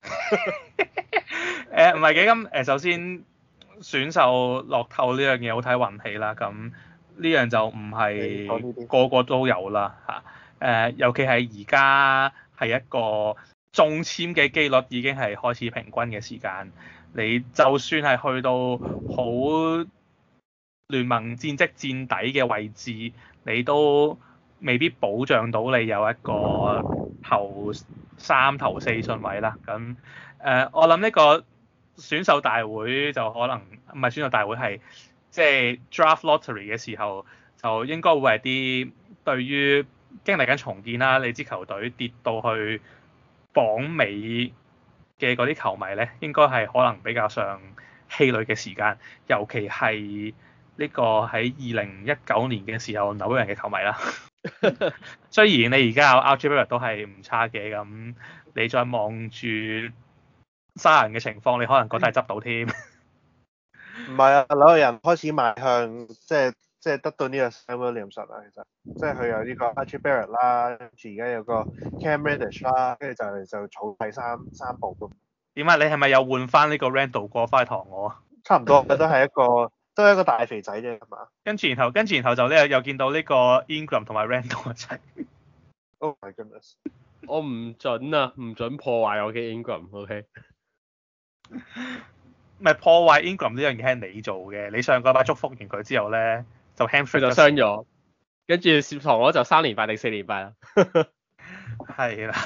呃。誒唔係嘅，咁誒首先選秀落透呢樣嘢好睇運氣啦，咁呢樣就唔係個個都有啦嚇。誒、呃、尤其係而家係一個中籤嘅機率已經係開始平均嘅時間，你就算係去到好。聯盟戰績墊底嘅位置，你都未必保障到你有一個頭三頭四順位啦。咁誒、呃，我諗呢個選秀大會就可能唔係選秀大會，係即係 draft lottery 嘅時候，就應該會係啲對於經歷緊重建啦，你支球隊跌到去榜尾嘅嗰啲球迷咧，應該係可能比較上氣餒嘅時間，尤其係。呢個喺二零一九年嘅時候紐約人嘅球迷啦。 雖然你而家有 RJ Barrett 都係唔差嘅，咁你再望住沙人嘅情況，你可能覺得係執到添。唔係啊，紐約人開始邁向即係即係得到呢個 Samuel Williams 啦，其實即係佢有呢個 RJ Barrett 啦，跟住而家有個 Cam Reddish 啦，跟住就係就儲第三三號噉。點解你係咪有換翻呢個 Randall 過翻去堂我？差唔多，我覺得係一個。 都係一個大肥仔啫，係嘛？跟住然後，跟住然後就咧，又見到呢個 Ingram 同埋 Randle 一齊。Oh my goodness！我唔準啊，唔準破壞我嘅 Ingram，OK？Okay? 唔係破壞 Ingram 呢樣嘢係你做嘅。你上個禮拜祝福完佢之後咧，就 hand 佢就傷咗。了跟住上堂我就三連敗定四連敗 啦。係啦。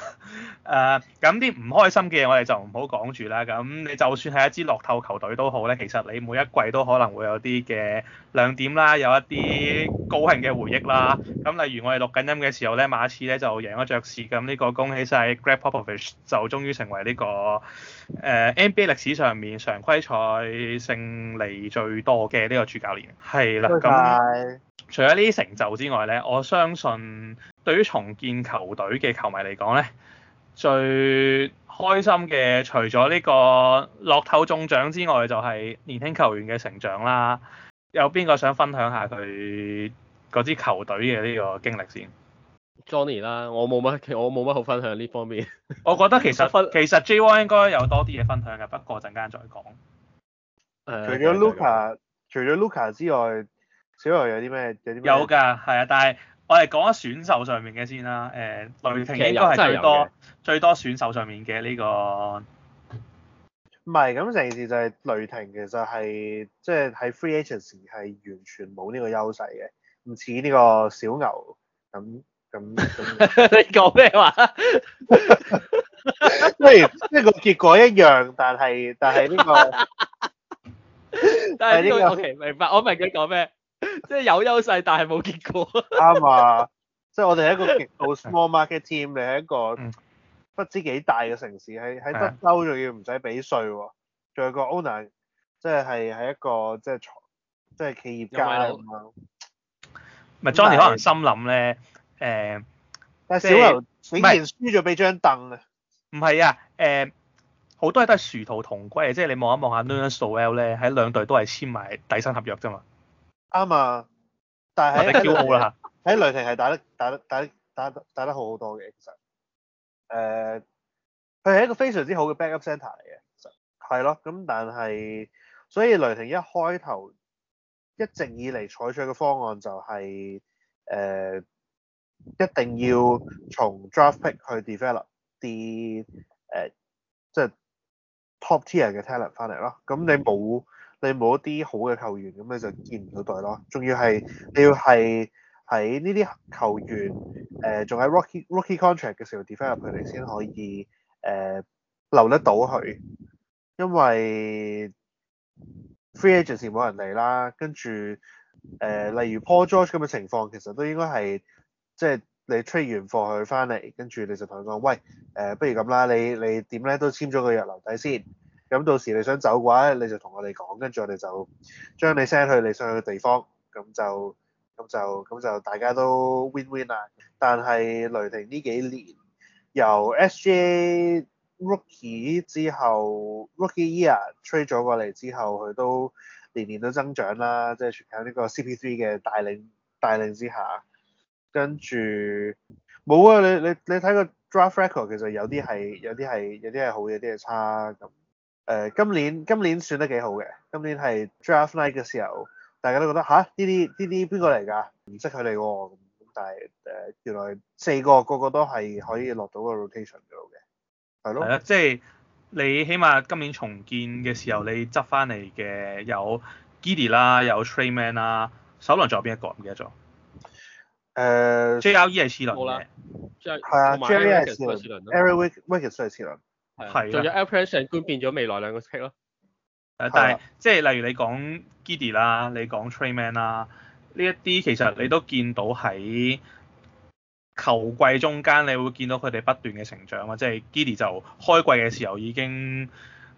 誒咁啲唔開心嘅嘢，我哋就唔好講住啦。咁你就算係一支落透球隊都好咧，其實你每一季都可能會有啲嘅亮點啦，有一啲高興嘅回憶啦。咁例如我哋錄緊音嘅時候咧，馬刺咧就贏咗爵士，咁呢個恭喜晒 Greg Popovich 就終於成為呢、這個誒、uh, NBA 歷史上面常規賽勝利最多嘅呢個主教練。係啦，咁除咗呢啲成就之外咧，我相信對於重建球隊嘅球迷嚟講咧。最開心嘅除咗呢個樂透中獎之外，就係、是、年輕球員嘅成長啦。有邊個想分享下佢嗰支球隊嘅呢個經歷先？Johnny 啦，我冇乜，我冇乜好分享呢方面。我覺得其實 其實 JY 應該有多啲嘢分享嘅，不過陣間再講。誒、呃。除咗 Luka、嗯、除咗 Luka 之外，小牛有啲咩？有啲咩？有㗎，係啊，但係。我哋講一下選秀上面嘅先啦，誒、呃、雷霆應該係最多、嗯、的的最多選秀上面嘅呢個。唔係，咁成件事就係雷霆其實係即係喺 free agency 係完全冇呢個優勢嘅，唔似呢個小牛咁咁咁。你講咩話？即係即係個結果一樣，但係但係呢、呢個， 但係呢、呢個 OK 明白，我明咗講咩。 即係有優勢，但係冇結果。啱啊！即係我哋係一個極度 small market team，你係一個不知幾大嘅城市，喺喺德州仲要唔使俾稅，仲有個 owner，即係係喺一個即係即係企業家咁樣。咪 Johnny 可能心諗咧，誒，但係小牛仍然輸咗俾張凳啊！唔係啊，誒，好多嘢都係殊途同歸。即係你望一望下 Nuno Soual 咧，喺兩隊都係簽埋底薪合約啫嘛。啱啊，但係喺，幾好啦，喺雷霆係打得打得打得打得打得好好多嘅，其實，誒，佢係一個非常之好嘅 backup center 嚟嘅，其實，係咯，咁但係，所以雷霆一開頭一直以嚟採取嘅方案就係，誒，一定要從 draft pick 去 develop 啲誒，即係 top tier 嘅 talent 翻嚟咯，咁你冇。你冇一啲好嘅球員，咁你就見唔到代咯。仲要係你要係喺呢啲球員誒，仲、呃、喺 Rookie Rookie Contract 嘅時候 develop 佢哋先可以誒、呃、留得到佢，因為 Free Agency 冇人嚟啦。跟住誒、呃，例如 Paul George 咁嘅情況，其實都應該係即係你出完貨佢翻嚟，跟住你就同佢講，喂，誒、呃，不如咁啦，你你點咧都簽咗個約留底先。咁到時你想走嘅話咧，你就同我哋講，跟住我哋就將你 send 去你想去嘅地方，咁就咁就咁就大家都 win win 啦。但係雷霆呢幾年由 SGA Rookie 之後 Rookie Year trade 咗過嚟之後，佢都年年都增長啦，即係全靠呢個 CP3 嘅帶領帶領之下。跟住冇啊，你你你睇個 Draft Record 其實有啲係有啲係有啲係好，有啲係差咁。誒、呃、今年今年算得幾好嘅，今年係 Draft Night 嘅時候，大家都覺得吓，呢啲呢啲邊個嚟㗎？唔識佢哋喎，但係誒、呃、原來四個個個,個都係可以落到個 rotation 度嘅，係咯，係啦、嗯， 即係你起碼今年重建嘅時候，你執翻嚟嘅有 Giddy 啦，有 Trainman 啦，首輪仲有邊一個唔記得咗？誒 JRE 係次輪啦，係啊，JRE 係次輪，Aaron Wiggins 都係次輪。係仲、uh, 啊、有 a i r p r e 成觀變咗未來兩個 tick 咯。誒是，但係、啊、即係例如你講 Giddey 啦，你講 Tre Mann 啦，呢一啲其實你都見到喺球季中間你會見到佢哋不斷嘅成長啊！即係 Giddey 就開季嘅時候已經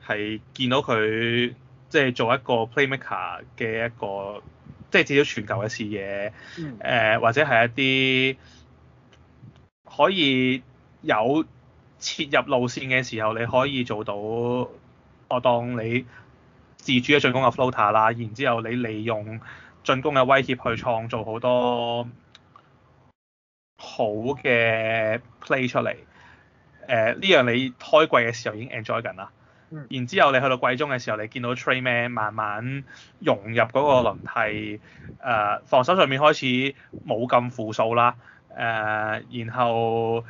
係見到佢、嗯、即係做一個 Playmaker 嘅一個即係至少全球嘅視野，誒、嗯呃，或者係一啲可以有。切入路線嘅時候，你可以做到我當你自主嘅進攻嘅 floater 啦，然之後你利用進攻嘅威脅去創造好多好嘅 play 出嚟。誒、呃，呢、這、樣、個、你開季嘅時候已經 enjoy 緊啦。然之後你去到季中嘅時候，你見到 Tre Mann 慢慢融入嗰個輪替，誒、呃、防守上面開始冇咁負數啦。誒、呃，然後。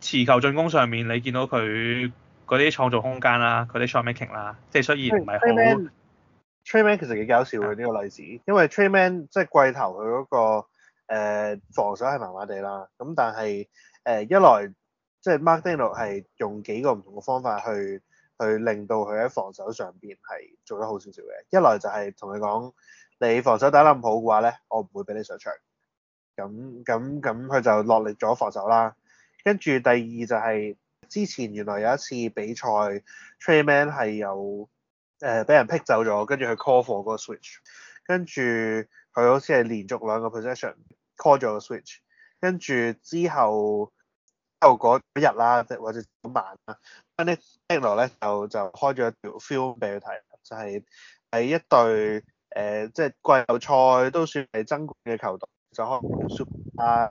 持球進攻上面，你見到佢嗰啲創造空間啦、啊，嗰啲 playmaking 啦，即係雖然唔係好 Tre Mann 其實幾搞笑嘅呢個例子，嗯、因為 Tre Mann 即係季頭佢嗰、那個誒、呃、防守係麻麻地啦，咁但係誒、呃、一來即係、就是、Mark Daigneault 係用幾個唔同嘅方法去去令到佢喺防守上邊係做得好少少嘅，一來就係同佢講你防守打得唔好嘅話咧，我唔會俾你上場，咁咁咁佢就落力咗防守啦。跟住第二就係之前原來有一次比賽，trainman 係有誒俾、呃、人劈走咗，跟住佢 call for 嗰個 switch，跟住佢好似係連續兩個 possession call 咗個 switch，跟住之後後嗰日啦，或者晚啦、啊，嗰啲聽落咧就就開咗一條 film 俾佢睇，就係、是、喺一隊誒即係季後賽都算係爭冠嘅球隊，就可能輸啊。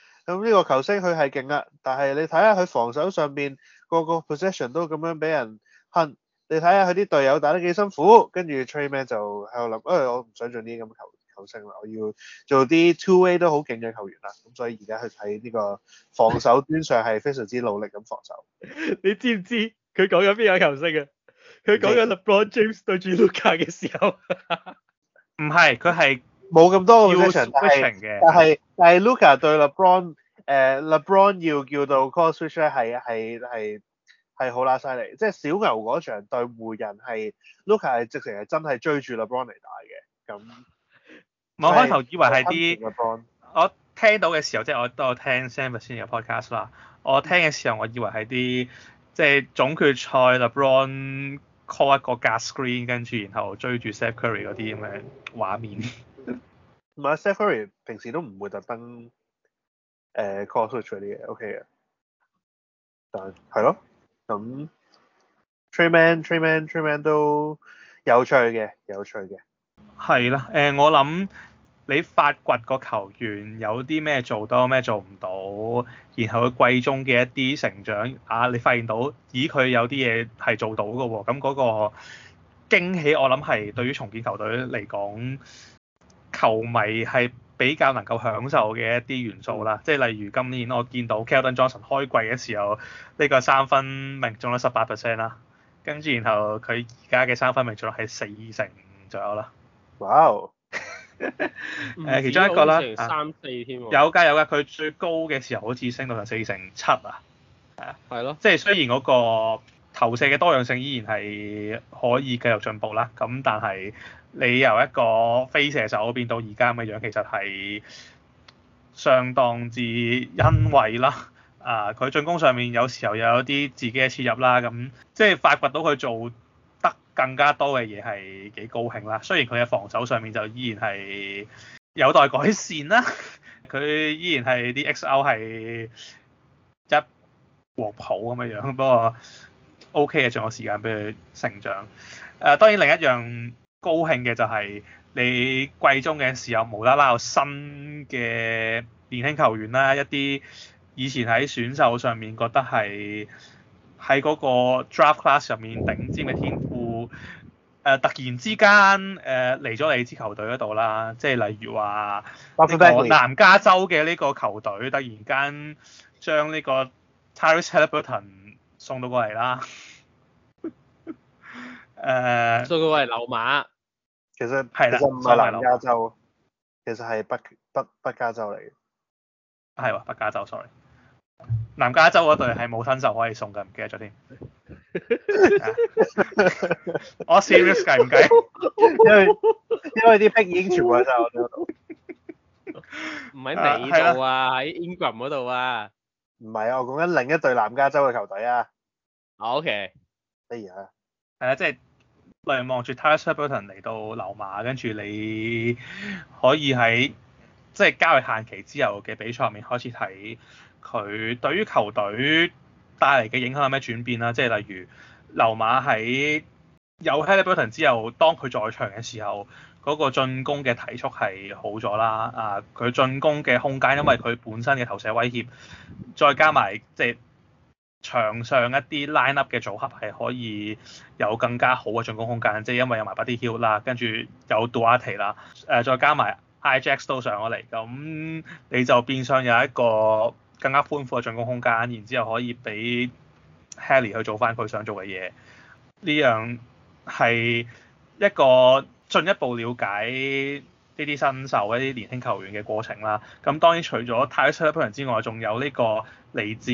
咁呢個球星佢係勁啦，但係你睇下佢防守上面個個 position 都咁樣俾人恨。你睇下佢啲隊友打得幾辛苦，跟住 trainman 就喺度諗：誒、哎，我唔想做呢啲咁嘅球球星啦，我要做啲 two way 都好勁嘅球員啦。咁所以而家佢睇呢個防守端上係非常之努力咁防守。 你知唔知佢講緊邊個球星啊？佢講緊 LeBron James 對住 Luka 嘅時候。唔 係，佢係。冇咁多 option 但係但係 Luka 對 LeBron，誒、呃、LeBron 要叫到 call switch 咧，係係係係好乸犀利，即係、就是、小牛嗰場對湖人係 Luka 係直情係真係追住 LeBron 嚟打嘅，咁是我開頭以為係啲我，我聽到嘅時候，即係我都有聽 Sam Vincent 嘅 podcast 啦，我聽嘅、mm hmm. 時候我以為係啲即係總決賽 LeBron call 一個隔 screen 跟住然後追住 s,、mm hmm. Steph Curry 嗰啲咁嘅畫面。唔係 Safari 平時都唔會特登誒 call 出嚟啲嘢，O K 嘅。但係咯，咁、嗯、training，training，training 都有趣嘅，有趣嘅。係啦，誒、呃，我諗你發掘個球員有啲咩做到，咩做唔到，然後佢季中嘅一啲成長，啊，你發現到以佢有啲嘢係做到嘅喎，咁嗰個驚喜，我諗係對於重建球隊嚟講，球迷係比較能夠享受嘅一啲元素啦，即係例如今年我見到 Keldon Johnson 開季嘅時候，呢個三分命中率十八 percent 啦，跟住然後佢而家嘅三分命中率係四成左右啦。哇！誒，其中一個啦，三四添。有㗎有㗎，佢最高嘅時候好似升到成四成七啊。係啊。係咯。即係雖然嗰個投射嘅多樣性依然係可以繼續進步啦，咁但係。你由一個飛射手變到而家咁嘅樣，其實係相當之欣慰啦。啊，佢進攻上面有時候有一啲自己嘅切入啦，咁即係發掘到佢做得更加多嘅嘢係幾高興啦。雖然佢嘅防守上面就依然係有待改善啦，佢 依然係啲 XO 係一鑊泡咁嘅樣，不過 OK 嘅，仲有時間俾佢成長。誒、啊，當然另一樣高興嘅就係你季中嘅時候無啦啦有新嘅年輕球員啦，一啲以前喺選秀上面覺得係喺嗰個 draft class 入面頂尖嘅天賦，誒、呃、突然之間誒嚟咗你支球隊嗰度啦，即係例如話南加州嘅呢個球隊突然間將呢個 Tyrese Haliburton 送到過嚟啦。 誒，所以嗰位係流馬，其實係啦，唔係南加州，其實係北北北加州嚟嘅，係嘛，北加州 sorry，南加州嗰隊係冇新秀可以送嘅，唔記得咗添，我 serious 計唔計？因為因為啲 pick 已經全部喺晒我哋嗰度，唔喺美度啊，喺 Ingram 嗰度啊，唔係啊，我講緊另一隊南加州嘅球隊啊，OK，例如啊，係啊，即係。例如望住 Tyrese Haliburton 嚟到流馬，跟住你可以喺即係交易限期之後嘅比賽入面開始睇佢對於球隊帶嚟嘅影響有咩轉變啦。即係例如流馬喺有 Tyrese Haliburton 之後，當佢在場嘅時候，嗰個進攻嘅提速係好咗啦。啊，佢進攻嘅空間，因為佢本身嘅投射威脅，再加埋即係。就是場上一啲 lineup 嘅組合係可以有更加好嘅進攻空間，即係因為有埋 Buddy Hill 啦，跟住有杜瓦提啦，誒、呃、再加埋 Ijackson 都上咗嚟，咁你就變相有一個更加寬闊嘅進攻空間，然之後可以俾 Haley 去做翻佢想做嘅嘢。呢樣係一個進一步了解呢啲新秀、呢啲年輕球員嘅過程啦。咁當然除咗 Tyler Taylor 之外，仲有呢個嚟自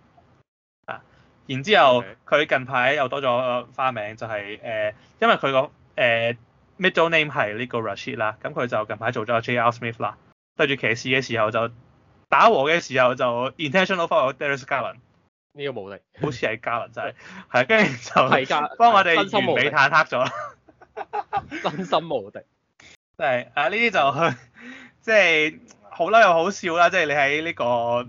然之後，佢近排又多咗花名，就係、是、誒、呃，因為佢、呃、個誒 middle name 係呢個 Rushit 啦，咁佢就近排做咗 JR Smith 啦。對住騎士嘅時候就打和嘅時候就 intentional foul 咗 Darius Garland 呢個無敵，好似係 Garland 就係、是、係，跟住對就幫我哋完美 tank 咗。真心無敵，即係 啊！呢啲就去，即、就、係、是、好嬲又好笑啦，即、就、係、是、你喺呢、這個。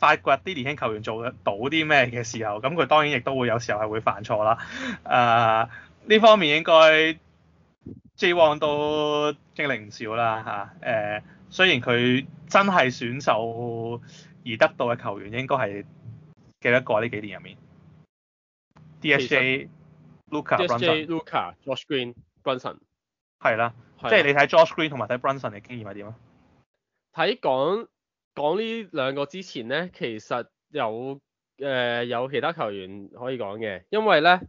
發掘啲年輕球員做得到啲咩嘅時候，咁佢當然亦都會有時候係會犯錯啦。誒、呃，呢方面應該 Jone 都經歷唔少啦嚇。誒、呃，雖然佢真係選秀而得到嘅球員，應該係幾多個呢幾年入面？D.S.J. Luca、Brunson。D.S.J. Luca、Josh Green、Brunson。係啦，即係你睇 Josh Green 同埋睇 Brunson 嘅經驗係點啊？睇講。講呢兩個之前咧，其實有誒、呃、有其他球員可以講嘅，因為咧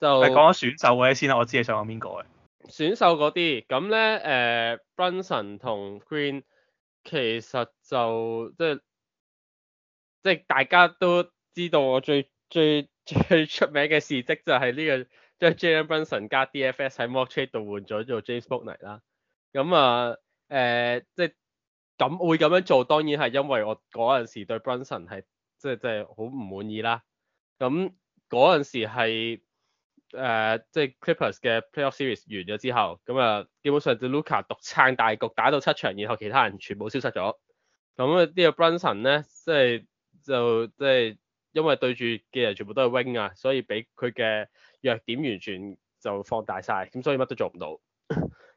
就係講咗選秀嗰啲先啦，我知你想講邊個嘅選秀嗰啲，咁、呃、咧誒 Brunson 同 Green 其實就即係即係大家都知道我最最最出名嘅事蹟就係呢、呢個將 Jalen Brunson 加 DFS 喺 mock trade 度換咗做 James Bouknight 啦、啊，咁啊誒即係。咁會咁樣做，當然係因為我嗰陣時對 Brunson 係即係即係好唔滿意啦。咁嗰陣時係即係、呃就係、Clippers 嘅 Playoff Series 完咗之後，咁啊基本上 Luka 獨撐大局，打到七場，然後其他人全部消失咗。咁呢個 Brunson 咧，即係就即、係、係、就係、因為對住嘅人全部都係 wing 啊，所以俾佢嘅弱點完全就放大晒。咁所以乜都做唔到。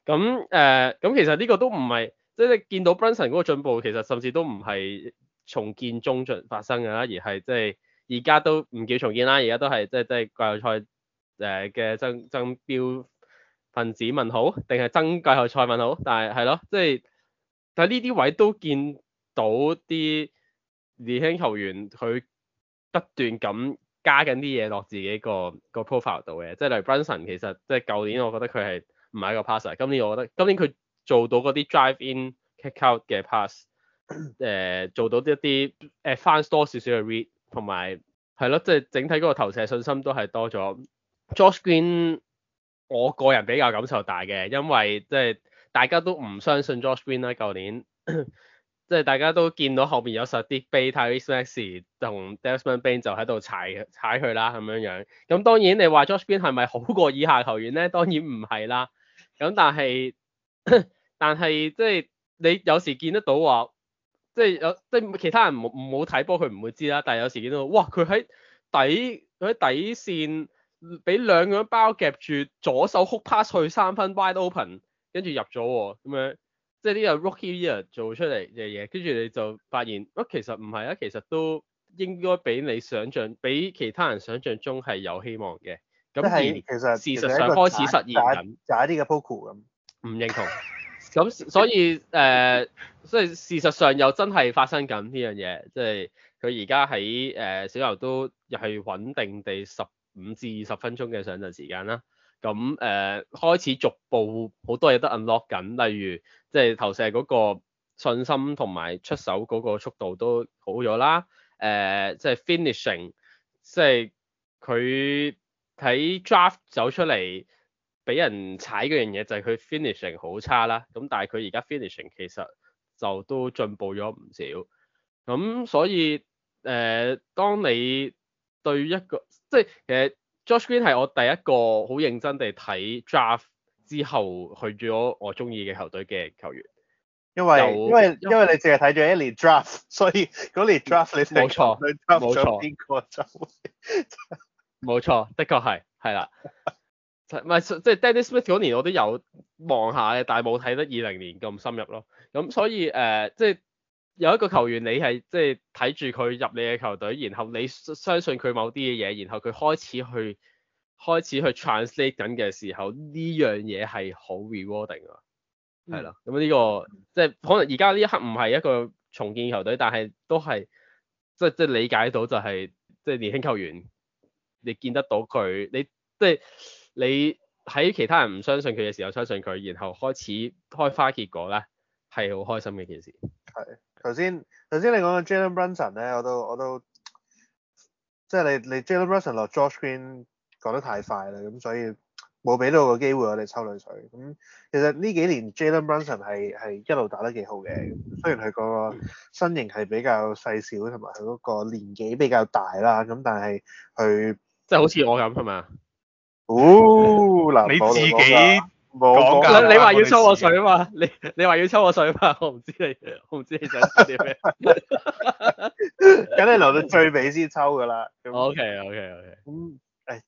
咁 誒，咁、呃、其實呢個都唔係。即係你見到 Brunson 嗰個進步，其實甚至都唔係重建中進發生嘅啦，而係即係而家都唔叫重建啦，而家都係即係即係季後賽誒嘅爭爭標分子問號，定係爭季後賽問號？但係係咯，即係但係呢啲位都見到啲年輕球員佢不斷咁加緊啲嘢落自己個個 profile 度嘅，即係例如 Brunson 其實即係舊年我覺得佢係唔係一個 passer，今年我覺得今年佢，做到嗰啲 drive in kick out 嘅 pass，誒、呃、做到一啲誒翻 store 少少嘅 read，同埋係咯，即係、就是、整體嗰個投射信心都係多咗。Josh Green，我個人比較感受大嘅，因為即係、就是、大家都唔相信 Josh Green 啦，舊年即係、 就是、大家都見到後邊有實啲 b e Tyrese Maxey 同 Desmond Bane 就喺度踩踩佢啦咁樣樣，咁當然你話 Josh Green 係咪好過以下球員咧？當然唔係啦。咁但係。 但係即係你有時見得到話，即係有即係其他人唔唔冇睇波佢唔會知啦。但係有時見到哇，佢喺底佢喺底線俾兩樣包夾住，左手 hook pass 去三分 wide open，跟住入咗咁樣，即係呢個 rookie year 做出嚟嘅嘢，跟住你就發現，哇，其實唔係啊，其實都應該比你想象，比其他人想象中係有希望嘅。咁、就是、而其實事實上實開始實現就係呢個 Poku 咁。唔認同，咁所以誒、呃，所以事實上又真係發生緊呢樣嘢，即係佢而家喺誒小牛都又係穩定地十五至二十分鐘嘅上陣時間啦。咁誒、呃、開始逐步好多嘢都 unlock 緊，例如即係、就是、投射嗰個信心同埋出手嗰個速度都好咗啦。誒、呃、即係、就是、finishing，即係佢喺 draft 走出嚟俾人踩嗰樣嘢就係佢 finishing 好差啦，咁但係佢而家 finishing 其實就都進步咗唔少，咁所以誒、呃，當你對一個即係其實 Josh Green 係我第一個好認真地睇 draft 之後去咗我中意嘅球隊嘅球員，因為就因為因為，因為你淨係睇咗一年 draft，所以嗰年 draft 錯你冇錯冇錯邊個就？冇 錯，的確係係啦。 唔係即係 Dennis Smith 嗰年我都有望下嘅，但係冇睇得二零年咁深入咯。咁所以誒即係有一個球員你係即係睇住佢入你嘅球隊，然後你相信佢某啲嘅嘢，然後佢開始去開始去 translate 緊嘅時候，呢樣嘢係好 rewarding 啊，係啦、嗯。咁呢、呢個即係、就是、可能而家呢一刻唔係一個重建球隊，但係都係即係即係理解到就係即係年輕球員你見得到佢，你即係。就是你喺其他人唔相信佢嘅時候相信佢，然後開始開花結果咧，係好開心嘅一件事。係頭先頭先你講嘅 Jalen Brunson 咧，我都我都即係你你 Jalen Brunson 落 George Green 講得太快啦，咁所以冇俾到個機會我哋抽淚水。咁其實呢幾年 Jalen Brunson 係係一路打得幾好嘅，雖然佢嗰個身形係比較細小，同埋佢嗰個年紀比較大啦，咁但係佢即係好似我咁係咪？哦嗱，你自己講噶。的了你話要抽我水啊嘛？ 你你話要抽我水啊嘛？我唔知你，我唔知你想啲咩 咁你留到最尾先抽噶啦。O K O K O K 咁誒，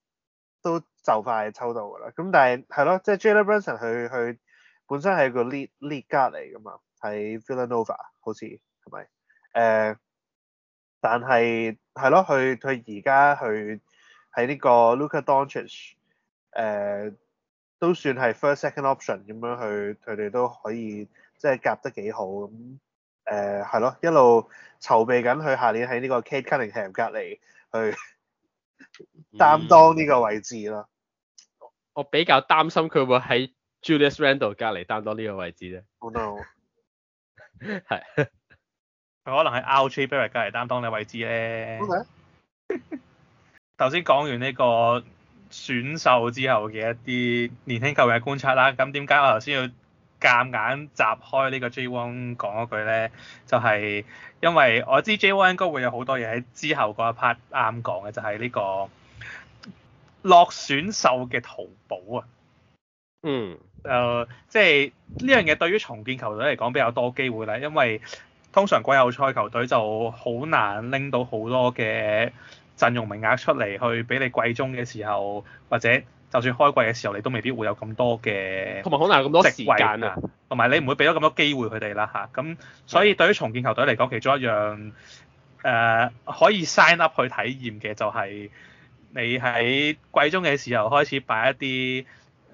都就快抽到噶啦。咁但係，係咯，即係 Jalen Brunson 佢佢本身係個 lead lead guard 嚟噶嘛，喺 Villanova 好似係咪？誒、嗯，但係，係咯，佢佢而家去喺呢個 Luka Doncic。誒、uh, 都算係 first second option 咁樣去，佢哋都可以即係、就是、夾得幾好咁。誒係咯，一路籌備緊，佢下年喺呢個 Cade Cunningham 隔離去擔當呢個位置咯、嗯。我比較擔心佢會喺 Julius Randle 隔離擔當呢個位置啫。係。佢可能喺 RJ Barrett 隔離擔當嘅位置咧。頭先講完呢、這個選秀之後嘅一啲年輕球員嘅觀察啦，咁點解我頭先要夾硬摘開呢個 J One 講一句呢？就係、是、因為我知 J One 應該會有好多嘢喺之後嗰一 part 啱講嘅，就係、是、呢個落選秀嘅淘寶啊。嗯、mm. 呃。誒，即係呢樣嘢對於重建球隊嚟講比較多機會啦，因為通常季後賽球隊就好難拎到好多嘅。陣容名額出嚟去俾你季中嘅時候，或者就算開季嘅時候，你都未必會有咁多嘅，同埋可能有咁多時間啊，同埋你唔會俾咗咁多機會佢哋啦嚇。咁所以對於重建球隊嚟講，其中一樣誒、呃、可以 sign up 去體驗嘅就係你喺季中嘅時候開始擺一啲。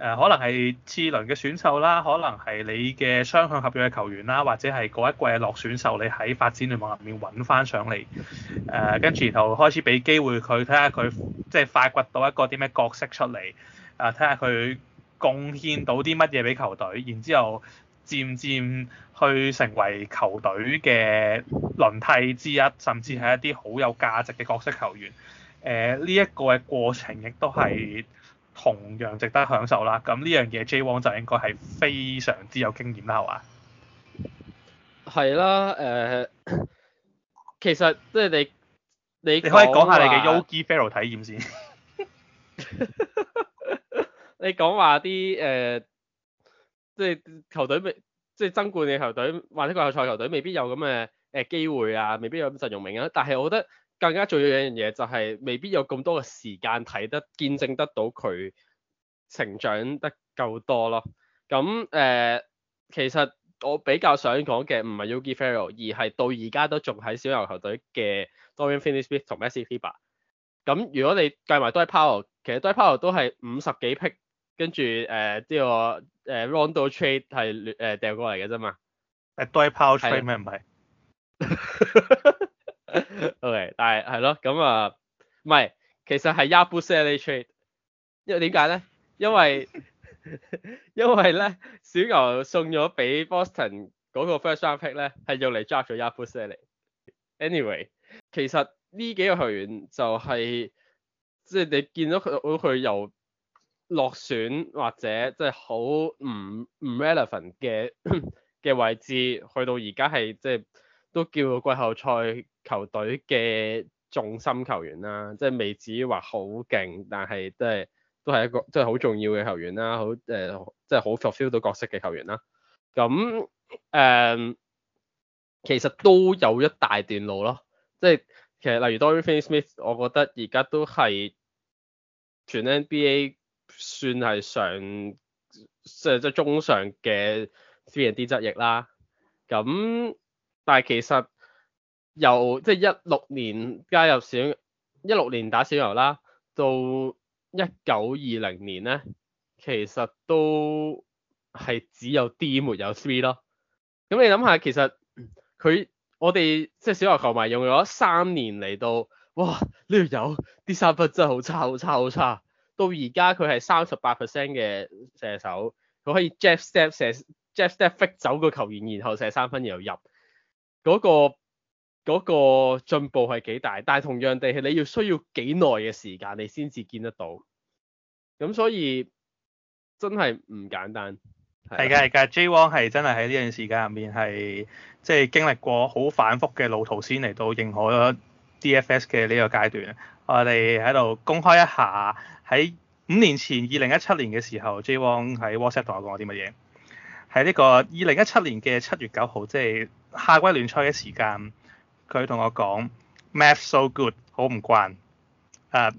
誒可能係次輪嘅選秀啦，可能係你嘅雙向合約嘅球員啦，或者係嗰一季嘅落選秀，你喺發展聯盟入面揾翻上嚟，誒跟住然後開始俾機會佢，睇下佢，即係發掘到一個啲咩角色出嚟，誒睇下佢貢獻到啲乜嘢俾球隊，然之後漸漸去成為球隊嘅輪替之一，甚至係一啲好有價值嘅角色球員。誒呢一個嘅過程亦都係。同樣值得享受啦，咁呢樣嘢 Jone 就應該係非常之有經驗啦，係嘛？係啦，誒、呃，其實即係、就是、你，你，說說你可以講下你嘅 Yogi Fellow 體驗先。 你講話啲誒，即、呃、係、就是球，就是、球，球，球隊未，即係爭冠嘅球隊或者佢係賽球隊，未必有咁嘅誒機會啊，未必有咁實用名啊。但係我覺得。更加重要嘅一樣嘢就係未必有咁多嘅時間睇得見證得到佢成長得夠多咯。咁誒、呃，其實我比較想講嘅唔係 Yogi Ferrell 而係到而家都仲喺小牛球隊嘅 Dorian Finney-Smith 同 Maxi Kleber 咁如果你計埋 Dwight Powell 其實 Dwight Powell 都係五十幾匹。跟住誒呢個誒、呃、Rondo trade 係誒掉過嚟嘅啫嘛。係、啊、Dwight Powell trade 咩唔係？ O.K. 但係係咯，咁啊，唔係，其實係 Yabusele trade，因為點解咧？因為因為咧，小牛送咗俾 Boston 嗰個 first round pick 咧、uh，係用嚟抓咗 Yabusele。Anyway，其實呢幾個球員就係即係你見到佢，見到佢由落選或者即係好唔唔 relevant 嘅嘅 位置，去到而家係即係都叫季後賽。球隊嘅重心球員啦，即係未至於話好勁，但係都係都係一個即係好重要嘅球員啦，好誒、呃，即係好 fulfill 到角色嘅球員啦。咁誒、嗯，其實都有一大段路咯，即係其實例如 Dorian Finney-Smith，我覺得而家都係全 NBA 算係上上即係中上嘅 3D 側翼啦。咁但係其實。由即係一六年加入小一六年打小牛啦，到一九二零年咧，其實都係只有 D 沒有 three 咯。咁你諗下，其實佢、嗯、我哋即係小牛球迷用咗三年嚟到，哇呢度有啲三分真係好差好差好差。到而家佢係三十八 percent 嘅射手，佢可以 jab step 射 jab step 逼走個球員，然後射三分又入嗰、那個。嗰個進步係幾大，但係同樣地係你要需要幾耐嘅時間，你先至見得到。咁所以真係唔簡單，係㗎係㗎。J. One 係真係喺呢段時間入面係即係經歷過好反覆嘅路途，先嚟到認可咗 DFS 嘅呢個階段。我哋喺度公開一下喺五年前，二零一七年嘅時候，J. One 喺 WhatsApp 同我講啲乜嘢？喺呢個二零一七年嘅七月九號，即係夏季聯賽嘅時間。佢同我講 Math so good，好唔慣。誒，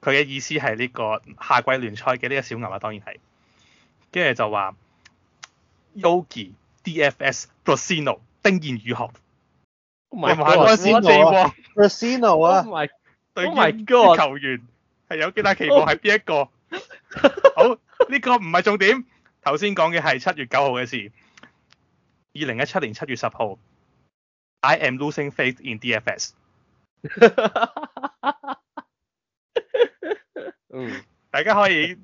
佢嘅意思係呢個夏季聯賽嘅呢個小牛啊，當然係。跟住就話 Yogi、DFS、Brussino、丁彥雨航。唔係我先我 Brussino 啊。對邊啲球員係有幾大期望？係邊一個？好，呢、這個唔係重點。頭先講嘅係七月九號嘅事，二零一七年七月十號。I am losing faith in DFS。 嗯，大家可以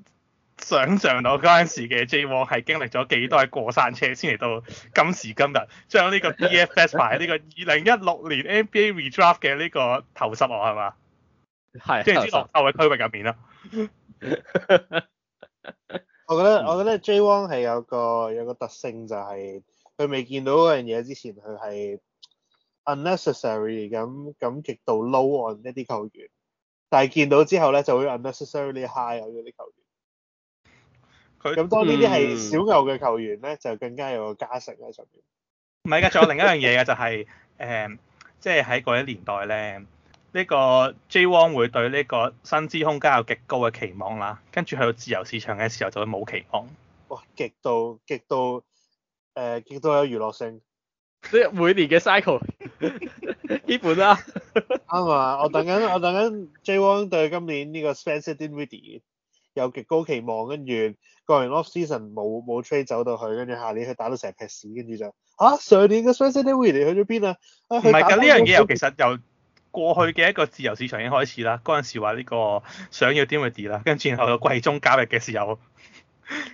想象到嗰陣時嘅 J 王係經歷咗幾多嘅過山車，先嚟到今時今日，將呢個 DFS 排喺呢個二零一六年 NBA Redraft 嘅呢個頭十哦，係嘛？係，即係之後嘅區域入面咯。我覺得我覺得 J 王係有個有個特性，就係佢未見到嗰樣嘢之前，佢係。unnecessary 咁咁極度 low on 一啲球員，但係見到之後咧就會 unnecessary high 咗啲球員。佢咁他當呢啲係小牛嘅球員咧，嗯、就更加有個加成喺上邊。唔係㗎，仲有另一樣嘢嘅就係、是、誒、 呃，即係喺嗰一年代咧，呢、這個 J 王會對呢個薪資空間有極高嘅期望啦。跟住去到自由市場嘅時候就會冇期望。哇！極度極度誒、呃、極度有娛樂性。即係每年嘅 cycle，基 本啦，啱啊、 嗯。我等緊，我等緊。J Wong 對今年呢個 Spencer Dinwiddie 有極高期望，跟住過完 off season 冇冇 trade 走到去，跟住下年佢打到成劈屎，跟住就啊，上年嘅 Spencer Dinwiddie 去咗邊啊？唔係，咁呢樣嘢又其實由過去嘅一個自由市場已經開始啦。嗰陣時話呢個想要 Dinwiddie 啦，跟住然後季中交易嘅時候，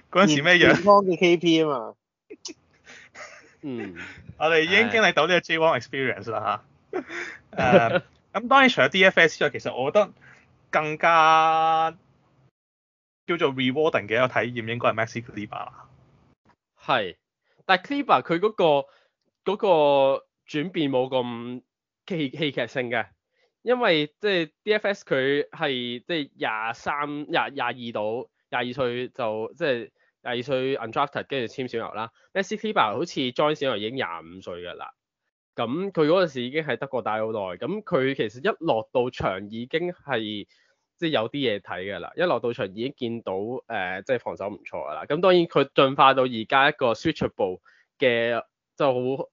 嗰 陣時咩樣？健康嘅 KP 啊嘛。嗯， 我哋已經經歷到呢個 J1 experience 啦吓，誒、 啊，咁當然除咗 DFS 之外，其實我覺得更加叫做 rewarding 嘅一個體驗應該係 Maxi Kleber 啦。係，但係 Kleber 佢嗰、嗰個嗰、嗰個轉變冇咁戲戲劇性嘅，因為即係 DFS 佢係即係廿三廿廿二度，廿二歲就即、就、係、係。廿二歲 undrafted 跟住簽小牛啦，Maxi Kleber 好似 join 小牛已經廿五歲㗎啦，咁佢嗰陣時已經喺德國打好耐，咁佢其實一落到場已經係即係有啲嘢睇㗎啦，一落到場已經見到誒即係防守唔錯㗎啦，咁當然佢進化到而家一個 switchable 嘅就好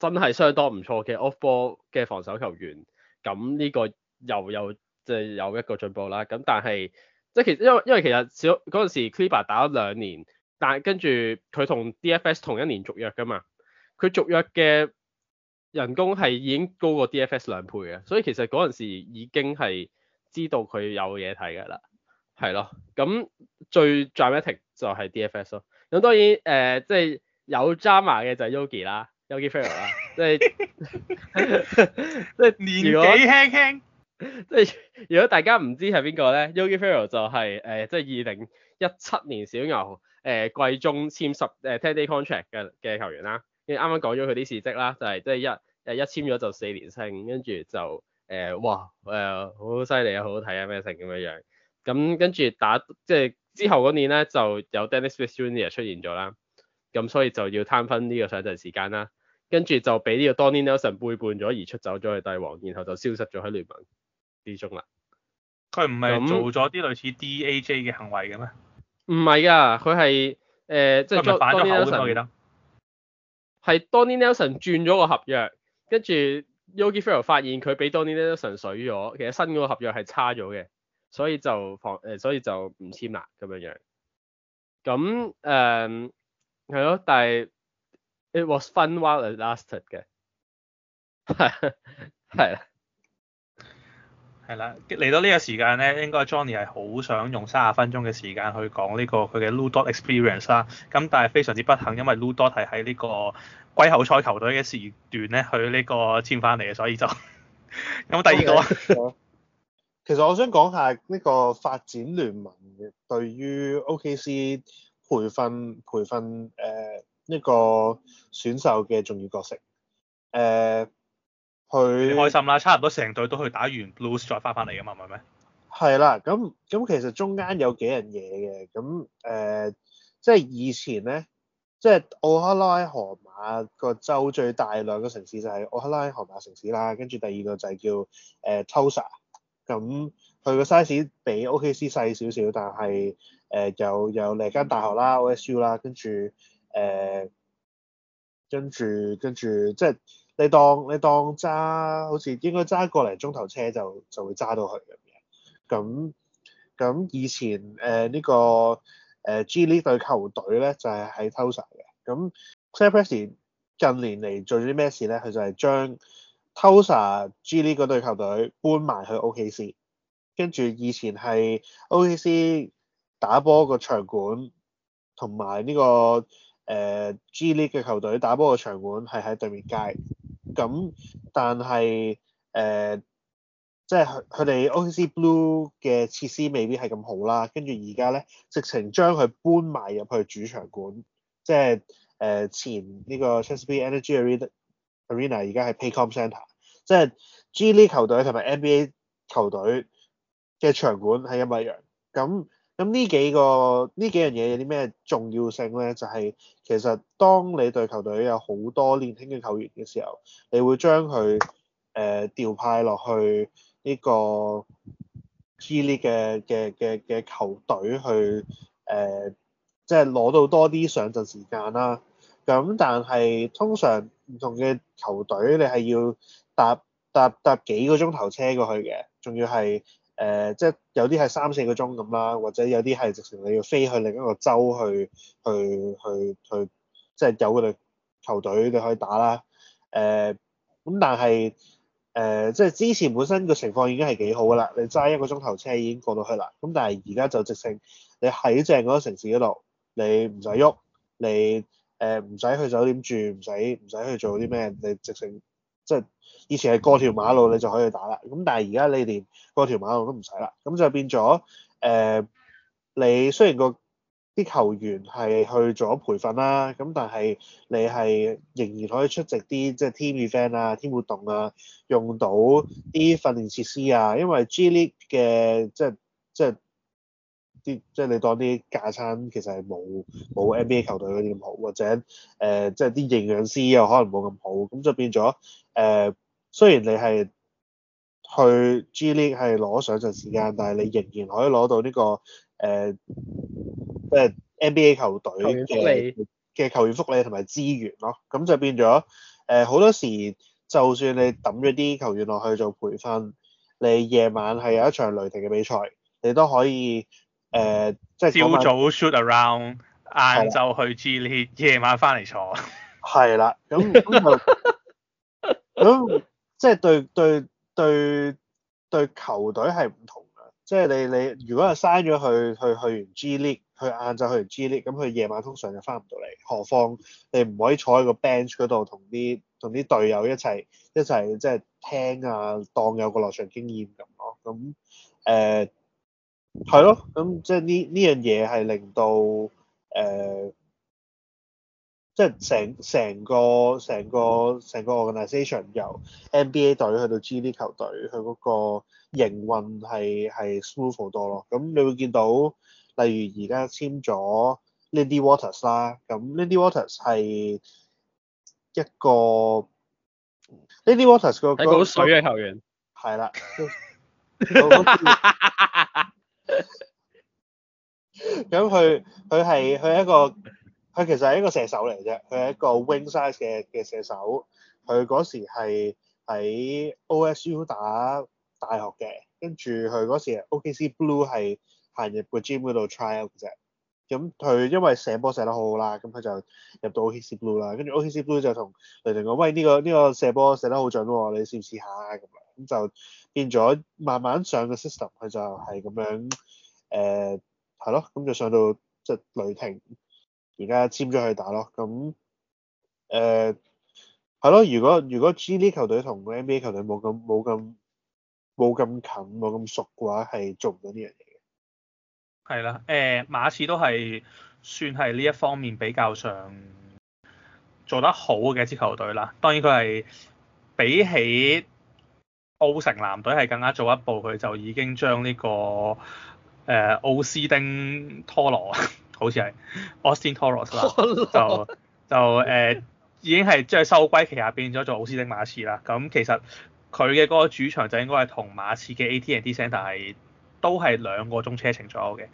真係相當唔錯嘅 off ball 嘅防守球員，咁呢個又有，即係有一個進步啦，咁但係，即係其實因為因為其實小嗰陣時 Cliba 打咗兩年，但係跟住佢同 DFS 同一年續約噶嘛，佢續約嘅人工係已經高過 DFS 兩倍嘅，所以其實嗰陣時已經係知道佢有嘢睇㗎啦，係咯，咁最 dramatic 就係 DFS 咯，咁當然誒即係有 drama 嘅就係 Yogi 啦，Yogi Ferrell 啦，即係即係年紀輕輕。即係 如果大家唔知係邊個咧，Yogi Ferrell 就係誒即係二零一七年小牛誒季中簽十誒 10-day Contract 嘅嘅球員啦。跟住啱啱講咗佢啲事蹟啦，就係即係一誒一簽咗就四年勝，跟住就誒、呃、哇誒好犀利啊，好好睇啊，咩成咁樣樣。咁跟住打即係、就是、之後嗰年咧就有 Dennis Smith Jr. 出現咗啦，咁所以就要攤分呢個上陣時間啦。跟住就俾呢個 Donnie Nelson 背叛咗而出走咗去帝王，然後就消失咗喺聯盟。跌足啦！佢唔係做咗啲類似 D.A.J. 嘅行為嘅咩？唔係噶，佢係誒，即係佢係反咗口嘅。ny 我記得係 Donny Nelson 轉咗個合約，跟住 Yogi Ferrell 發現佢俾 Donny Nelson 水咗，其實新嗰個合約係差咗嘅，所以就防誒、呃，所以就唔簽啦咁樣樣。咁誒係咯，但係 it was fun while it lasted 嘅，係 係。係啦，嚟到呢個時間咧，應該 Johnny 係好想用三十分鐘嘅時間去講呢、這個佢嘅 Ludot experience 啦。咁但係非常之不幸，因為 Ludot 係喺呢個季後賽球隊嘅時段咧去呢個簽翻嚟嘅，所以就咁 第二個。Okay. 其實我想講下呢個發展聯盟對於 OKC、OK、培訓培訓誒一、呃這個選秀嘅重要角色誒。呃佢他開心啦，差唔多成隊都去打完 lose 再翻翻嚟㗎嘛，唔係咩？係啦，咁咁其實中間有幾樣嘢嘅，咁誒、呃、即係以前咧，即係奧克拉荷馬個州最大兩個城市就係奧克拉荷馬城市啦，跟住第二個就叫誒、呃、Tulsa 咁佢個 size 比 OKC 細少少，但係誒又有另一間大學啦 OSU 啦，跟住誒。呃跟住跟住，即係你當你當揸，好似應該揸個零鐘頭車就就會揸到佢咁嘅。咁咁以前誒呢、呃這個誒、呃、G League 隊球隊咧就係、是、喺 Tosa 嘅。咁 Sam Presti 近年嚟做咗啲咩事咧？佢就係將 Tosa G League 嗰隊球隊搬埋去 OKC、OK。跟住以前係 OKC、OK、打波個場館同埋呢個。誒、呃、，G League 嘅球隊打波個場館係喺對面街，咁但係誒、呃，即係佢哋 OKC Blue 嘅設施未必係咁好啦，跟住而家咧直情將佢搬埋入去主場館，即係誒、呃、前呢個 Chesapeake Energy Arena，而家係 Paycom Center，即係 G League 球隊同埋 NBA 球隊嘅場館係一模一樣，咁。咁呢幾個呢幾樣嘢有啲咩重要性咧？就係其實當你對球隊有好多年輕嘅球員嘅時候，你會將佢誒調派落去呢個 G League 嘅嘅嘅嘅球隊去誒，即係攞到多啲上陣時間啦。咁但係通常唔同嘅球隊，你係要搭搭搭幾個鐘頭車過去嘅，仲要係。誒、呃，即係有啲係三四個鐘咁啦，或者有啲係直情你要飛去另一個州去，去去去，即係有佢哋球隊你可以打啦。誒、呃，咁但係誒、呃，即係之前本身個情況已經係幾好噶啦，你揸一個鐘頭車已經過到去啦。咁但係而家就直情你喺正嗰個城市嗰度，你唔使喐，你誒唔使去酒店住，唔使唔使去做啲咩，你直情。即係以前係過條馬路你就可以打啦，咁但係而家你連過條馬路都唔使啦，咁就變咗誒、呃，你雖然個啲球員係去做咗培訓啦，咁但係你係仍然可以出席啲即係、就是、team event 啊、team 活動啊，用到啲訓練設施啊，因為 G League 嘅即係即係。啲即係你當啲架餐其實係冇冇 NBA 球隊嗰啲咁好，或者誒即係啲營養師又可能冇咁好，咁就變咗誒、呃。雖然你係去 G League 係攞上陣時間，但係你仍然可以攞到呢、呢個誒誒、呃、NBA 球隊嘅球員福利同埋資源咯。咁就變咗誒好多時，就算你抌咗啲球員落去做培訓，你夜晚係有一場雷霆嘅比賽，你都可以。誒、呃，即係朝早 shoot around，晏晝去 G League 夜的晚翻嚟坐係啦，咁、嗯、咁、 嗯、即係對對對對球隊係唔同噶即係你你如果係嘥咗去去去，去完 G League 去晏晝去完 G League 咁佢夜晚通常就翻唔到嚟，何況你唔可以坐喺個 bench 嗰度，同啲同啲隊友一齊一齊即係聽啊，當有個落場經驗咁咯，咁、嗯、誒。嗯呃係咯，咁即係呢呢樣嘢係令到誒，即係成成個成個成個 organization 由 NBA 隊去到 G League 球隊，佢嗰個營運係係 smooth 好多咯。咁你會見到，例如而家簽咗 Lindy Waters 啦，咁 Lindy Waters 係一個 Lindy Waters，嗰個個水嘅球員，係啦，啊。了 咁佢佢係佢係一個佢其實係一個射手嚟啫，佢係一個 wing size 嘅嘅射手，佢嗰時係喺 OSU 打大學嘅，跟住佢嗰時 OKC Blue 係行入個 gym 嗰度 tryout 啫。咁佢因為射波射得好好啦，咁佢就入到 OKC Blue 啦，跟住 OKC Blue 就同雷霆講，喂，呢、呢個呢、呢個射波射得好準喎，你試唔試下？咁樣，咁就變咗慢慢上個 system，佢就係咁樣誒，係、呃、咯，咁就上到即雷霆而家簽咗去打咯。咁誒係咯，如果如果 G 聯球隊同 NBA 球隊冇咁冇咁冇咁近冇咁熟嘅話係做唔到呢樣嘢。係啦，誒，馬刺都係算係呢一方面比較上做得好嘅一支球隊啦。當然佢係比起奧城籃隊係更加早一步，佢就已經將呢、這個誒奧、呃、斯丁托羅好似係奧斯丁托羅斯啦， 就就誒、呃、已經係即係收歸旗下變，變咗做奧斯丁馬刺啦。咁其實佢嘅嗰個主場就應該係同馬刺嘅 AT&T Center 係都係兩個鐘車程左右嘅。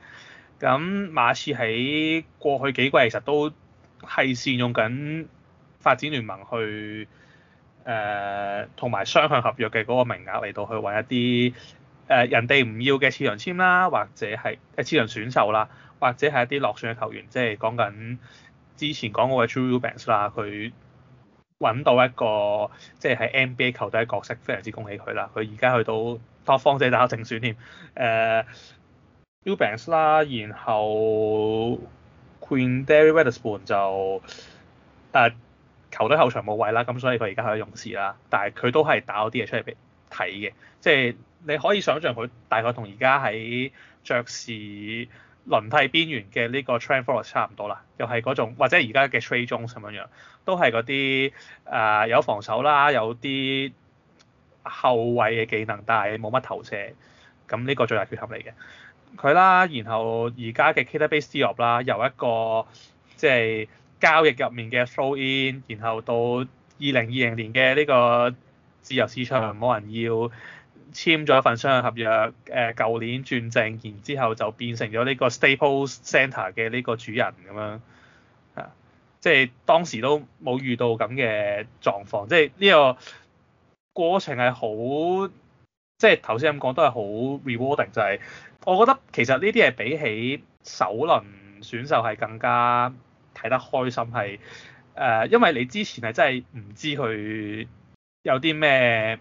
咁馬刺喺過去幾季其實都係善用緊發展聯盟去誒同埋雙向合約嘅嗰個名額嚟到去搵一啲誒、呃、人哋唔要嘅次輪簽啦，或者係誒、欸、次輪選秀啦，或者係一啲落選嘅球員，即係講緊之前講過嘅 True Banks 啦，佢。揾到一個即係喺 NBA 球隊嘅角色，非常之恭喜佢啦！佢而家去到托方仔打正選添。誒、呃、Eubanks 啦，然後 Quinndary Weatherspoon 就誒、呃、球隊後場冇位啦，咁所以佢而家喺勇士啦。但係佢都係打咗啲嘢出嚟俾睇嘅，即、就、係、是、你可以想像佢大概同而家喺爵士。輪替邊緣嘅呢個 train force 差唔多啦，又係嗰種或者而家嘅 Trey 鋇鐘咁樣樣，都係嗰啲誒有防守啦，有啲後衞嘅技能，但係冇乜投射，咁呢個最大缺陷嚟嘅佢啦。然後而家嘅 KTB a 自 e 啦，由一個即係、就是、交易入面嘅 t h o w in，然後到二零二零年嘅呢個自由市場冇、嗯、人要。簽咗一份商業合約，誒舊年轉正，然之後就變成咗呢個 Staples Center 嘅呢個主人咁樣，啊、即係當時都冇遇到咁嘅狀況，即係呢個過程係好，即係頭先咁講都係好 rewarding，就係我覺得其實呢啲係比起首輪選秀係更加睇得開心，係誒、呃，因為你之前係真係唔知佢有啲咩。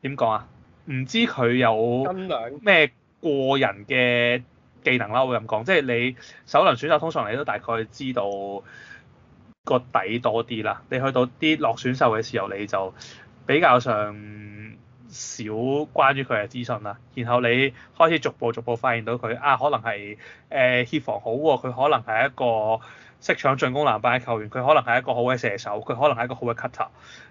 點講啊？唔知佢有咩個人嘅技能啦，我咁講，即係你首輪選手通常你都大概知道個底多啲啦。你去到啲落選秀嘅時候，你就比較上少關於佢嘅資訊啦。然後你開始逐步逐步發現到佢啊，可能係誒協防好喎、啊，佢可能係一個識搶進攻籃板嘅球員，佢可能係一個好嘅射手，佢可能係一個好嘅 cutter。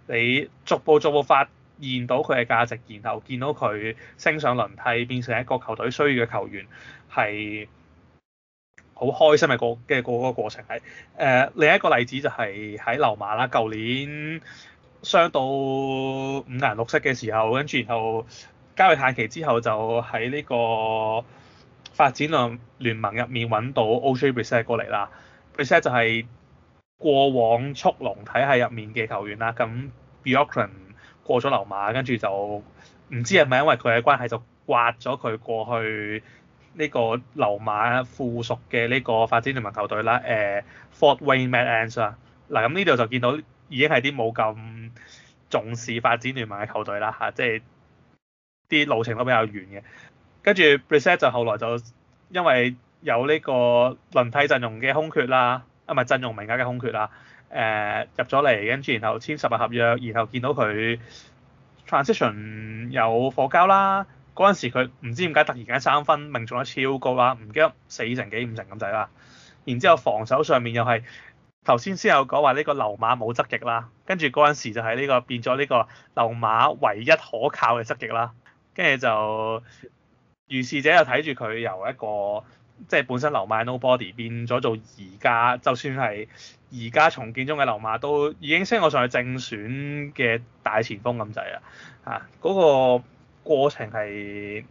你逐步逐步發見到佢嘅價值，然後見到佢升上輪替，變成一個球隊需要嘅球員，係好開心嘅個嘅個個過程係。誒、呃，另一個例子就係喺溜馬啦，舊年傷到五顏六色嘅時候，跟住然後交易下期之後，就喺呢個發展聯盟入面揾到 O.J. Brissett 過嚟啦。Brissett 就係過往速龍體系入面嘅球員啦，咁 Bjorkgren。過咗流馬，跟住就唔知係咪因為佢嘅關係就刮咗佢過去呢個流馬附屬嘅呢個發展聯盟球隊啦。誒、呃、Fort Wayne Mad Ants 啊，嗱咁呢度就見到已經係啲冇咁重視發展聯盟嘅球隊啦嚇、啊，即係啲路程都比較遠嘅。跟住 Bryce 就後來就因為有呢個輪替陣容嘅空缺啦，啊唔係陣容名額嘅空缺啦。誒入咗嚟，跟住然後簽十日合約，然後見到佢 transition 有火交啦。嗰陣時佢唔知點解突然間三分命中率超高啦，唔記得四成幾五成咁滯啦。然之後防守上面又係頭先先有講話呢個流馬冇側翼啦，跟住嗰陣時就係呢、這個變咗呢個流馬唯一可靠嘅側翼啦。跟住就如是者又睇住佢由一個即係本身流馬 no body 變咗做而家就算係。而家重建中嘅流馬都已經升咗上去正選嘅大前鋒咁滯啦，啊嗰、嗰個過程係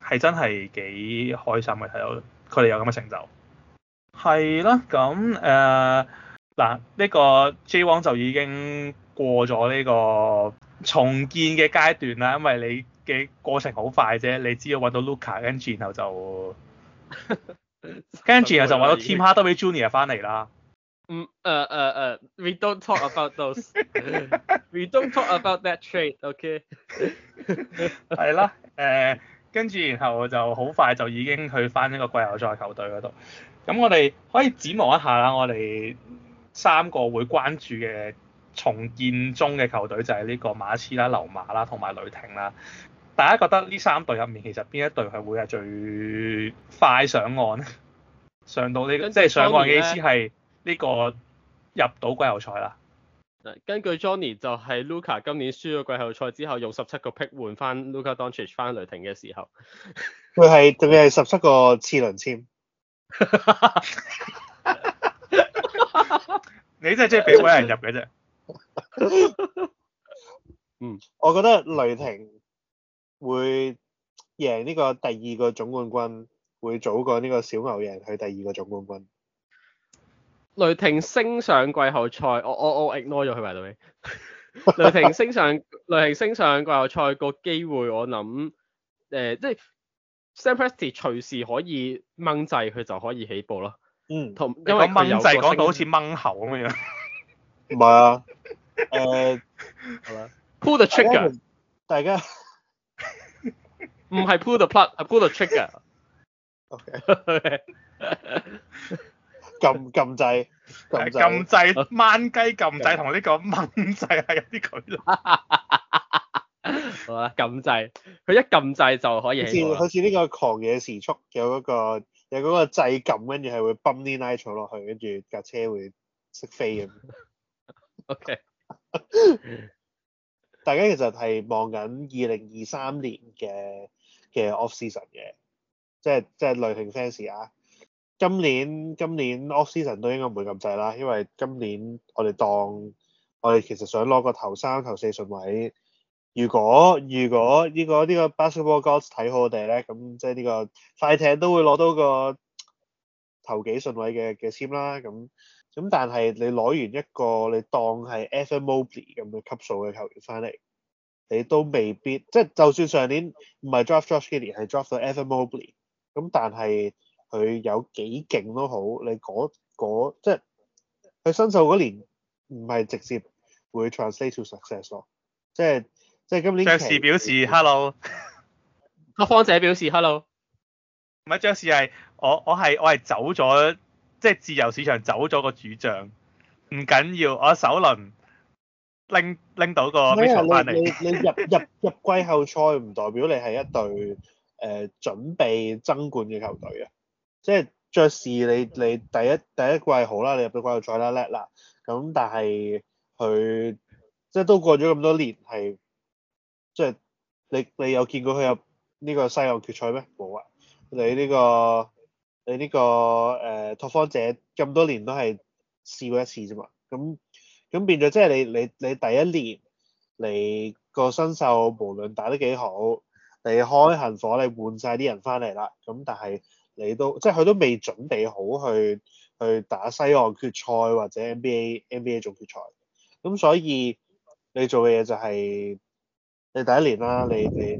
係真係幾開心嘅，睇到佢哋有咁嘅成就。係啦、啊，咁誒嗱呢個 J 王就已經過咗呢個重建嘅階段啦，因為你嘅過程好快啫，你只要揾到 Luka 跟住然後就跟住然後就揾到 Tim Hardaway Jr. 翻嚟啦。嗯，誒誒誒，We don't talk about those. We don't talk about that trade, okay? 係啦。誒、呃，跟住然後就好快就已經去返呢個季後賽球隊嗰度。咁我哋可以展望一下啦，我哋三個會關注嘅重建中嘅球隊就係呢個馬刺啦、溜馬啦同埋雷霆啦。大家覺得呢三隊入面其實邊一隊係會係最快上岸？上到、這個、呢，即係上岸嘅意思係。呢、這個入到季後賽啦。根據 Johnny 就係 Luka 今年輸咗季後賽之後，用十七個 pick 換翻 Luka Doncic 翻雷霆嘅時候，佢係仲係十七個次輪籤。你真係只係俾鬼人入嘅啫。 嗯，我覺得雷霆會贏呢個第二個總冠軍，會早過呢個小牛贏去第二個總冠軍。.雷霆升上季後賽，我我我 ignore 咗佢埋度。 雷霆升上雷霆升上季後賽個機會，我諗誒、呃，即係 Sam Presti 隨時可以掹掣，佢就可以起步咯。嗯，同因為掹掣。講到好似掹喉咁樣。唔係 啊。誒、呃，係嘛 ？Pull the trigger，大家唔係 pull the plug，係 pull the trigger。Okay。撳撳掣，撳掣，掹雞撳掣同呢個掹掣係有啲距離。 好啦，撳掣，佢一撳掣就可以好。好似好似呢個狂野時速有嗰、嗰個有嗰掣撳，跟住係會泵啲 nitro 落去，跟住架車會識飛咁。飛 OK， 大家其實係望緊二零二三年嘅嘅 off season 嘅，即係即係雷霆 fans 啊！今年今年 offseason 都應該唔會咁滯啦，因為今年我哋當我哋其實想攞個頭三頭四順位。如果如果呢個呢個 Basketball Gods 睇好我哋咧，咁即係呢個快艇都會攞到個頭幾順位嘅嘅籤啦。咁咁但係你攞完一個你當係 Evan Mobley 咁嘅級數嘅球員翻嚟，你都未必即係就算上年唔係 Draft Josh Giddey 係 Draft 到 Evan Mobley，咁但係。佢有幾勁都好，你嗰嗰即係佢新秀嗰年唔係直接會 translate to success 咯，即係即係今年。爵士表示 hello，阿 方姐表示 hello，唔係爵士係我我係我係走咗，即係自由市場走咗個主將，唔緊要，我首輪拎拎到個比賽翻嚟。你你入入入季後賽唔代表你係一隊誒、呃、準備爭冠嘅球隊啊？即係爵士，你你第一第一季好啦，你入到季後賽啦叻啦，咁但係佢即係都過咗咁多年，係即係你你有見過佢入呢個西岸決賽咩？冇啊！你呢個你呢個誒拓荒者咁多年都係試過一次啫嘛，咁咁變咗即係你你你第一年嚟個新秀無論打得幾好，你開行火，你換晒啲人翻嚟啦，咁但係，你都即係佢都未準備好去去打西岸決賽或者 NBA NBA 總決賽，咁所以你做嘅嘢就係你第一年啦，你你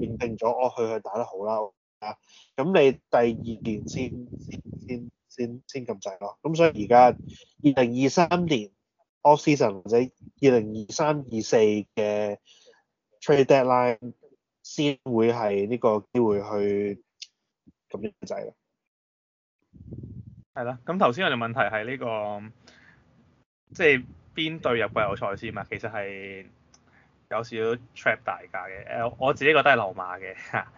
你認定咗哦去去打得好啦啊，咁你第二年先先先先先撳掣咯，咁所以而家二零二三年 off season 或者二零二三二四嘅 trade deadline 先會係呢個機會去。咁樣就係咯。係啦，咁頭先我哋問題係呢個，即係邊隊入季後賽先嘛？其實係有少少 trap 大家嘅。誒，我自己覺得係流馬嘅嚇。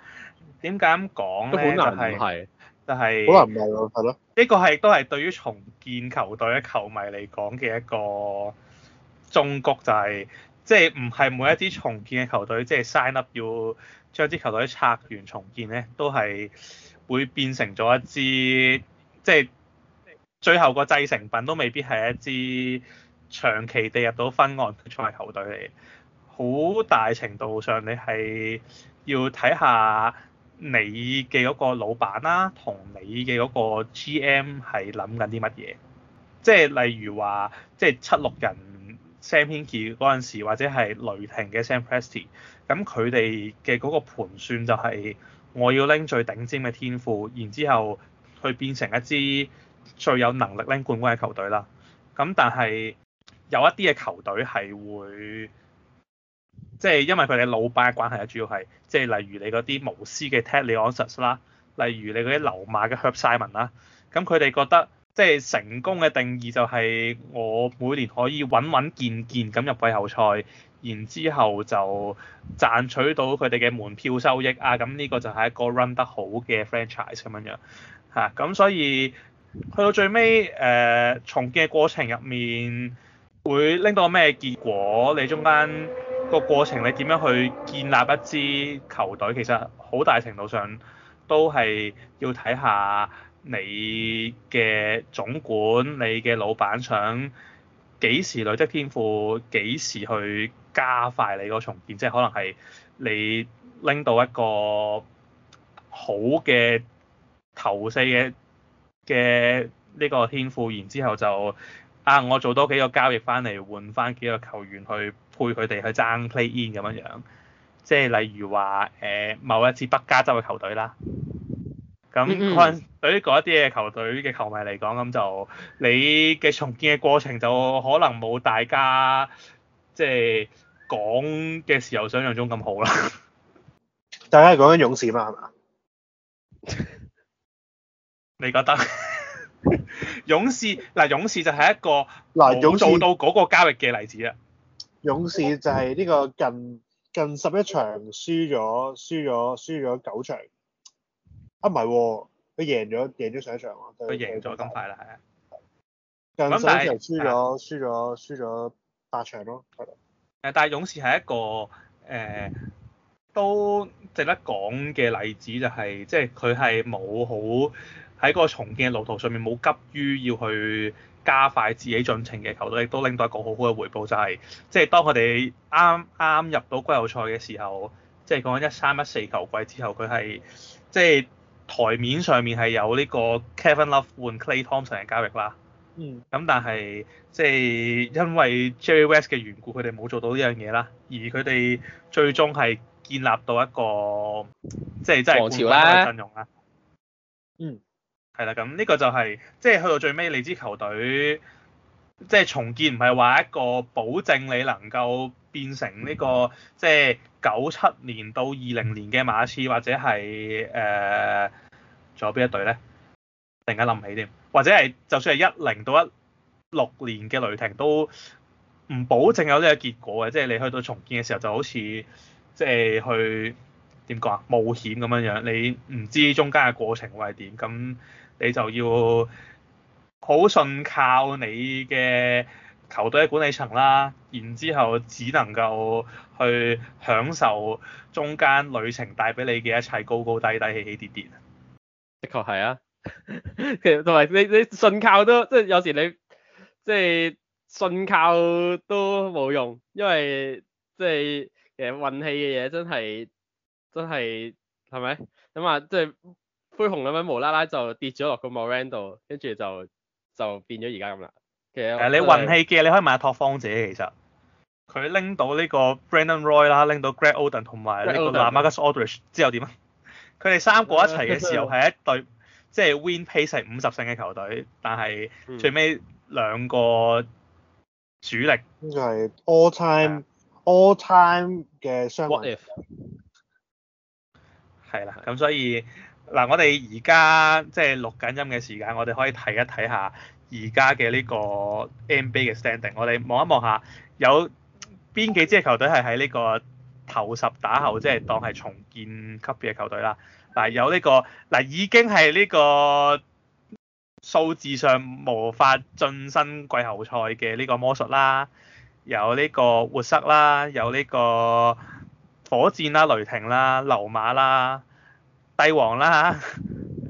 點解咁講咧？就係但係。可能唔係喎。係咯。呢個係都係對於重建球隊嘅球迷嚟講嘅一個重局，就係，就係即係唔係每一支重建嘅球隊，即係 sign up 要將支球隊拆完重建咧，都係。會變成咗一支，即係最後個製成品都未必係一支長期地入到分外賽球隊嚟。好大程度上，你係要睇下你嘅嗰個老闆啦、啊，同你嘅嗰個 GM 係諗緊啲乜嘢。即係例如話，即係七六人 Sam Hinkie 嗰陣時，或者係雷霆嘅 Sam Presti，咁佢哋嘅嗰個盤算就係、是。我要拎最頂尖嘅天賦，然之後去變成一支最有能力拎冠軍嘅球隊啦。咁但係有一啲嘅球隊係會，即係因為佢哋老闆嘅關係咧，主要係即係例如你嗰啲巫師嘅 Ted Leonsis 啦，例如你嗰啲溜馬嘅 Herb Simon 啦，咁佢哋覺得即係成功嘅定義就係我每年可以穩穩健健咁入季後賽。然之後就賺取到佢哋嘅門票收益啊！咁呢個就係一個 run 得好嘅 franchise 咁樣樣嚇，咁、啊、所以去到最尾誒、呃、重建嘅過程入面會拎到咩結果？你中間個過程你點樣去建立一支球隊？其實好大程度上都係要睇下你嘅總管、你嘅老闆想幾時累積天賦，幾時去，加快你個重建，即係可能係你拎到一個好嘅頭四嘅嘅呢個天賦，然之後就啊，我做多幾個交易翻嚟換翻幾個球員去配佢哋去爭 Play In 咁樣樣，即係例如話誒、呃、某一支北加州嘅球隊啦，咁嗰陣對於嗰一啲嘅球隊嘅球迷嚟講，咁就你嘅重建嘅過程就可能冇大家。即係講嘅時候，想像中咁好啦。大家係講緊勇士嘛？係嘛？你覺得 勇士嗱，勇士就係一個冇做到嗰個交易嘅例子啊。勇士就係呢個近近十一場輸咗，輸咗，輸咗九場。啊，唔係，佢贏咗，贏咗上一場喎。佢贏咗咁快啦，係啊。近十一場輸咗，輸咗，輸咗。打長咯，係咯。誒，但係勇士係一個誒、呃、都值得講嘅例子、就係，就係即係佢係冇好喺嗰個重建嘅路途上面冇急於要去加快自己進程嘅球隊，亦都拎到一個好好嘅回報，就係即係當佢哋啱啱入到季後賽嘅時候，即、就、係、係、講一三一四球季之後，佢係即係台面上面係有呢個 Kevin Love 換 Clay Thompson 嘅交易啦。嗯，咁但係即係因為 Jerry West 嘅緣故，佢哋冇做到呢樣嘢啦。而佢哋最終係建立到一個即係即係王朝嘅陣容啦。嗯，係啦。咁呢個就係即係去到最尾，你支球隊即係、就是、重建，唔係話一個保證你能夠變成呢、這個即係九七年到二零年嘅馬刺，或者係誒仲有邊一隊咧？突然間諗唔起添。或者係就算係一零到一六年嘅雷霆都唔保證有呢個結果嘅，即係你去到重建嘅時候就好似即係去點講啊冒險咁樣樣，你唔知中間嘅過程會係點，咁你就要好信靠你嘅球隊嘅管理層啦，然之後只能夠去享受中間旅程帶俾你嘅一切高高低低、起起跌跌。的確係啊。其實同埋你你信靠都即係有時你即係信靠都冇用，因為即係誒運氣嘅嘢，真係真係係咪咁啊？即係灰熊咁樣無啦啦就跌咗落個莫蘭度，跟住就就變咗而家咁啦。其實你運氣嘅，你可以問吓拓荒者，其實佢拎到呢個 Brandon Roy 啦，拎到 Greg Oden 同埋呢個 LaMarcus Aldridge 之後點啊？佢哋三個一齊嘅時候係一對。 即係 Win Pace 係五十勝嘅球隊，但係最尾兩個主力係、嗯、All Time yeah, All Time 嘅雙冠。What if 係啦，咁所以嗱，我哋而家即係錄緊音嘅時間，我哋可以睇一睇下而家嘅呢個 NBA 嘅 standing，我哋望一望下有邊幾支嘅球隊係喺呢個頭十打後，即係當係重建級別嘅球隊啦。嗱，有呢個嗱，已經係呢個數字上無法晉身季後賽嘅呢個魔術啦，有呢個活塞啦，有呢個火箭啦、雷霆啦、溜馬啦、帝王啦、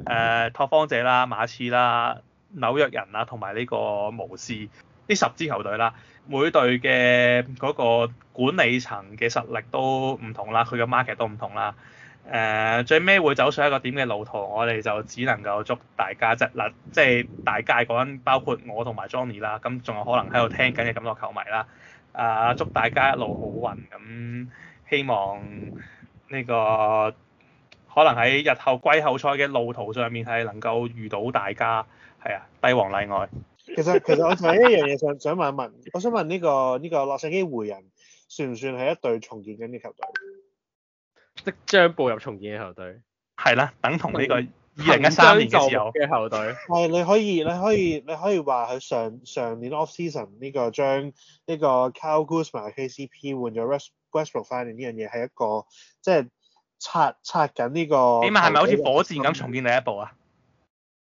誒拓荒者啦、馬刺啦、紐約人啦，同埋呢個巫師，呢十支球隊啦，每隊嘅嗰個管理層嘅實力都唔同啦，佢嘅 market 都唔同啦。誒、uh, 最尾會走上一個點嘅路途，我哋就只能夠祝大家啫，嗱即係大家講，包括我同埋 Johnny 啦，咁仲有可能喺度聽緊嘅咁多球迷啦，啊，祝大家一路好運，咁希望呢個可能喺日後季後賽嘅路途上面係能夠遇到大家，係啊，帝王例外。其實其實我仲有一樣嘢想想問一問，我想問呢個呢個洛杉磯湖人算唔算係一隊重建緊嘅球隊？即將步入重建嘅球隊，係啦，等同呢個二零一三年之後嘅球隊。係你可以，你可以，你可以話佢上上年 off season 呢、這個將呢個 Kuzma 嘅 KCP 換咗 West Westbrook 翻嚟呢樣嘢，係一個即係拆拆緊呢個。點啊？係咪好似火箭咁重建第一步啊？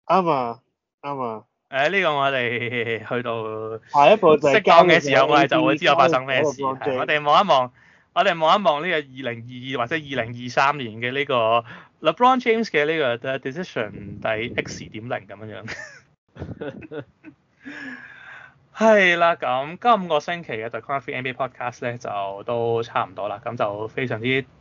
啱啊，啱啊。誒、哎、呢、這個我哋去到下一步適當嘅時候我我，我哋就會知道發生咩事。我哋望一望。我哋望一望呢個二零二二或者二零二三年嘅呢個 LeBron James 嘅呢個 decision 第 X 點零咁樣樣，係啦，咁今個星期嘅 The Corner 3 NBA Podcast 咧就都差唔多啦，咁就非常之～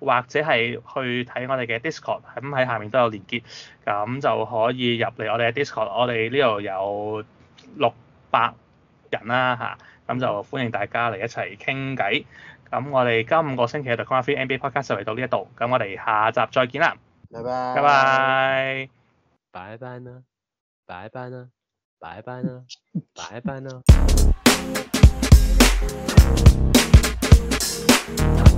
或者係去睇我哋嘅 Discord，咁喺下面都有連結，咁就可以入嚟我哋嘅 Discord，我哋呢度有六百人啦、啊、吓，咁就歡迎大家嚟一齊傾偈。咁我哋今個星期嘅 The Corner 3 NBA Podcast 就嚟到呢一度，咁我哋下集再見啦，拜拜 bye，拜拜，拜拜啦，拜拜啦，拜拜啦，拜拜啦。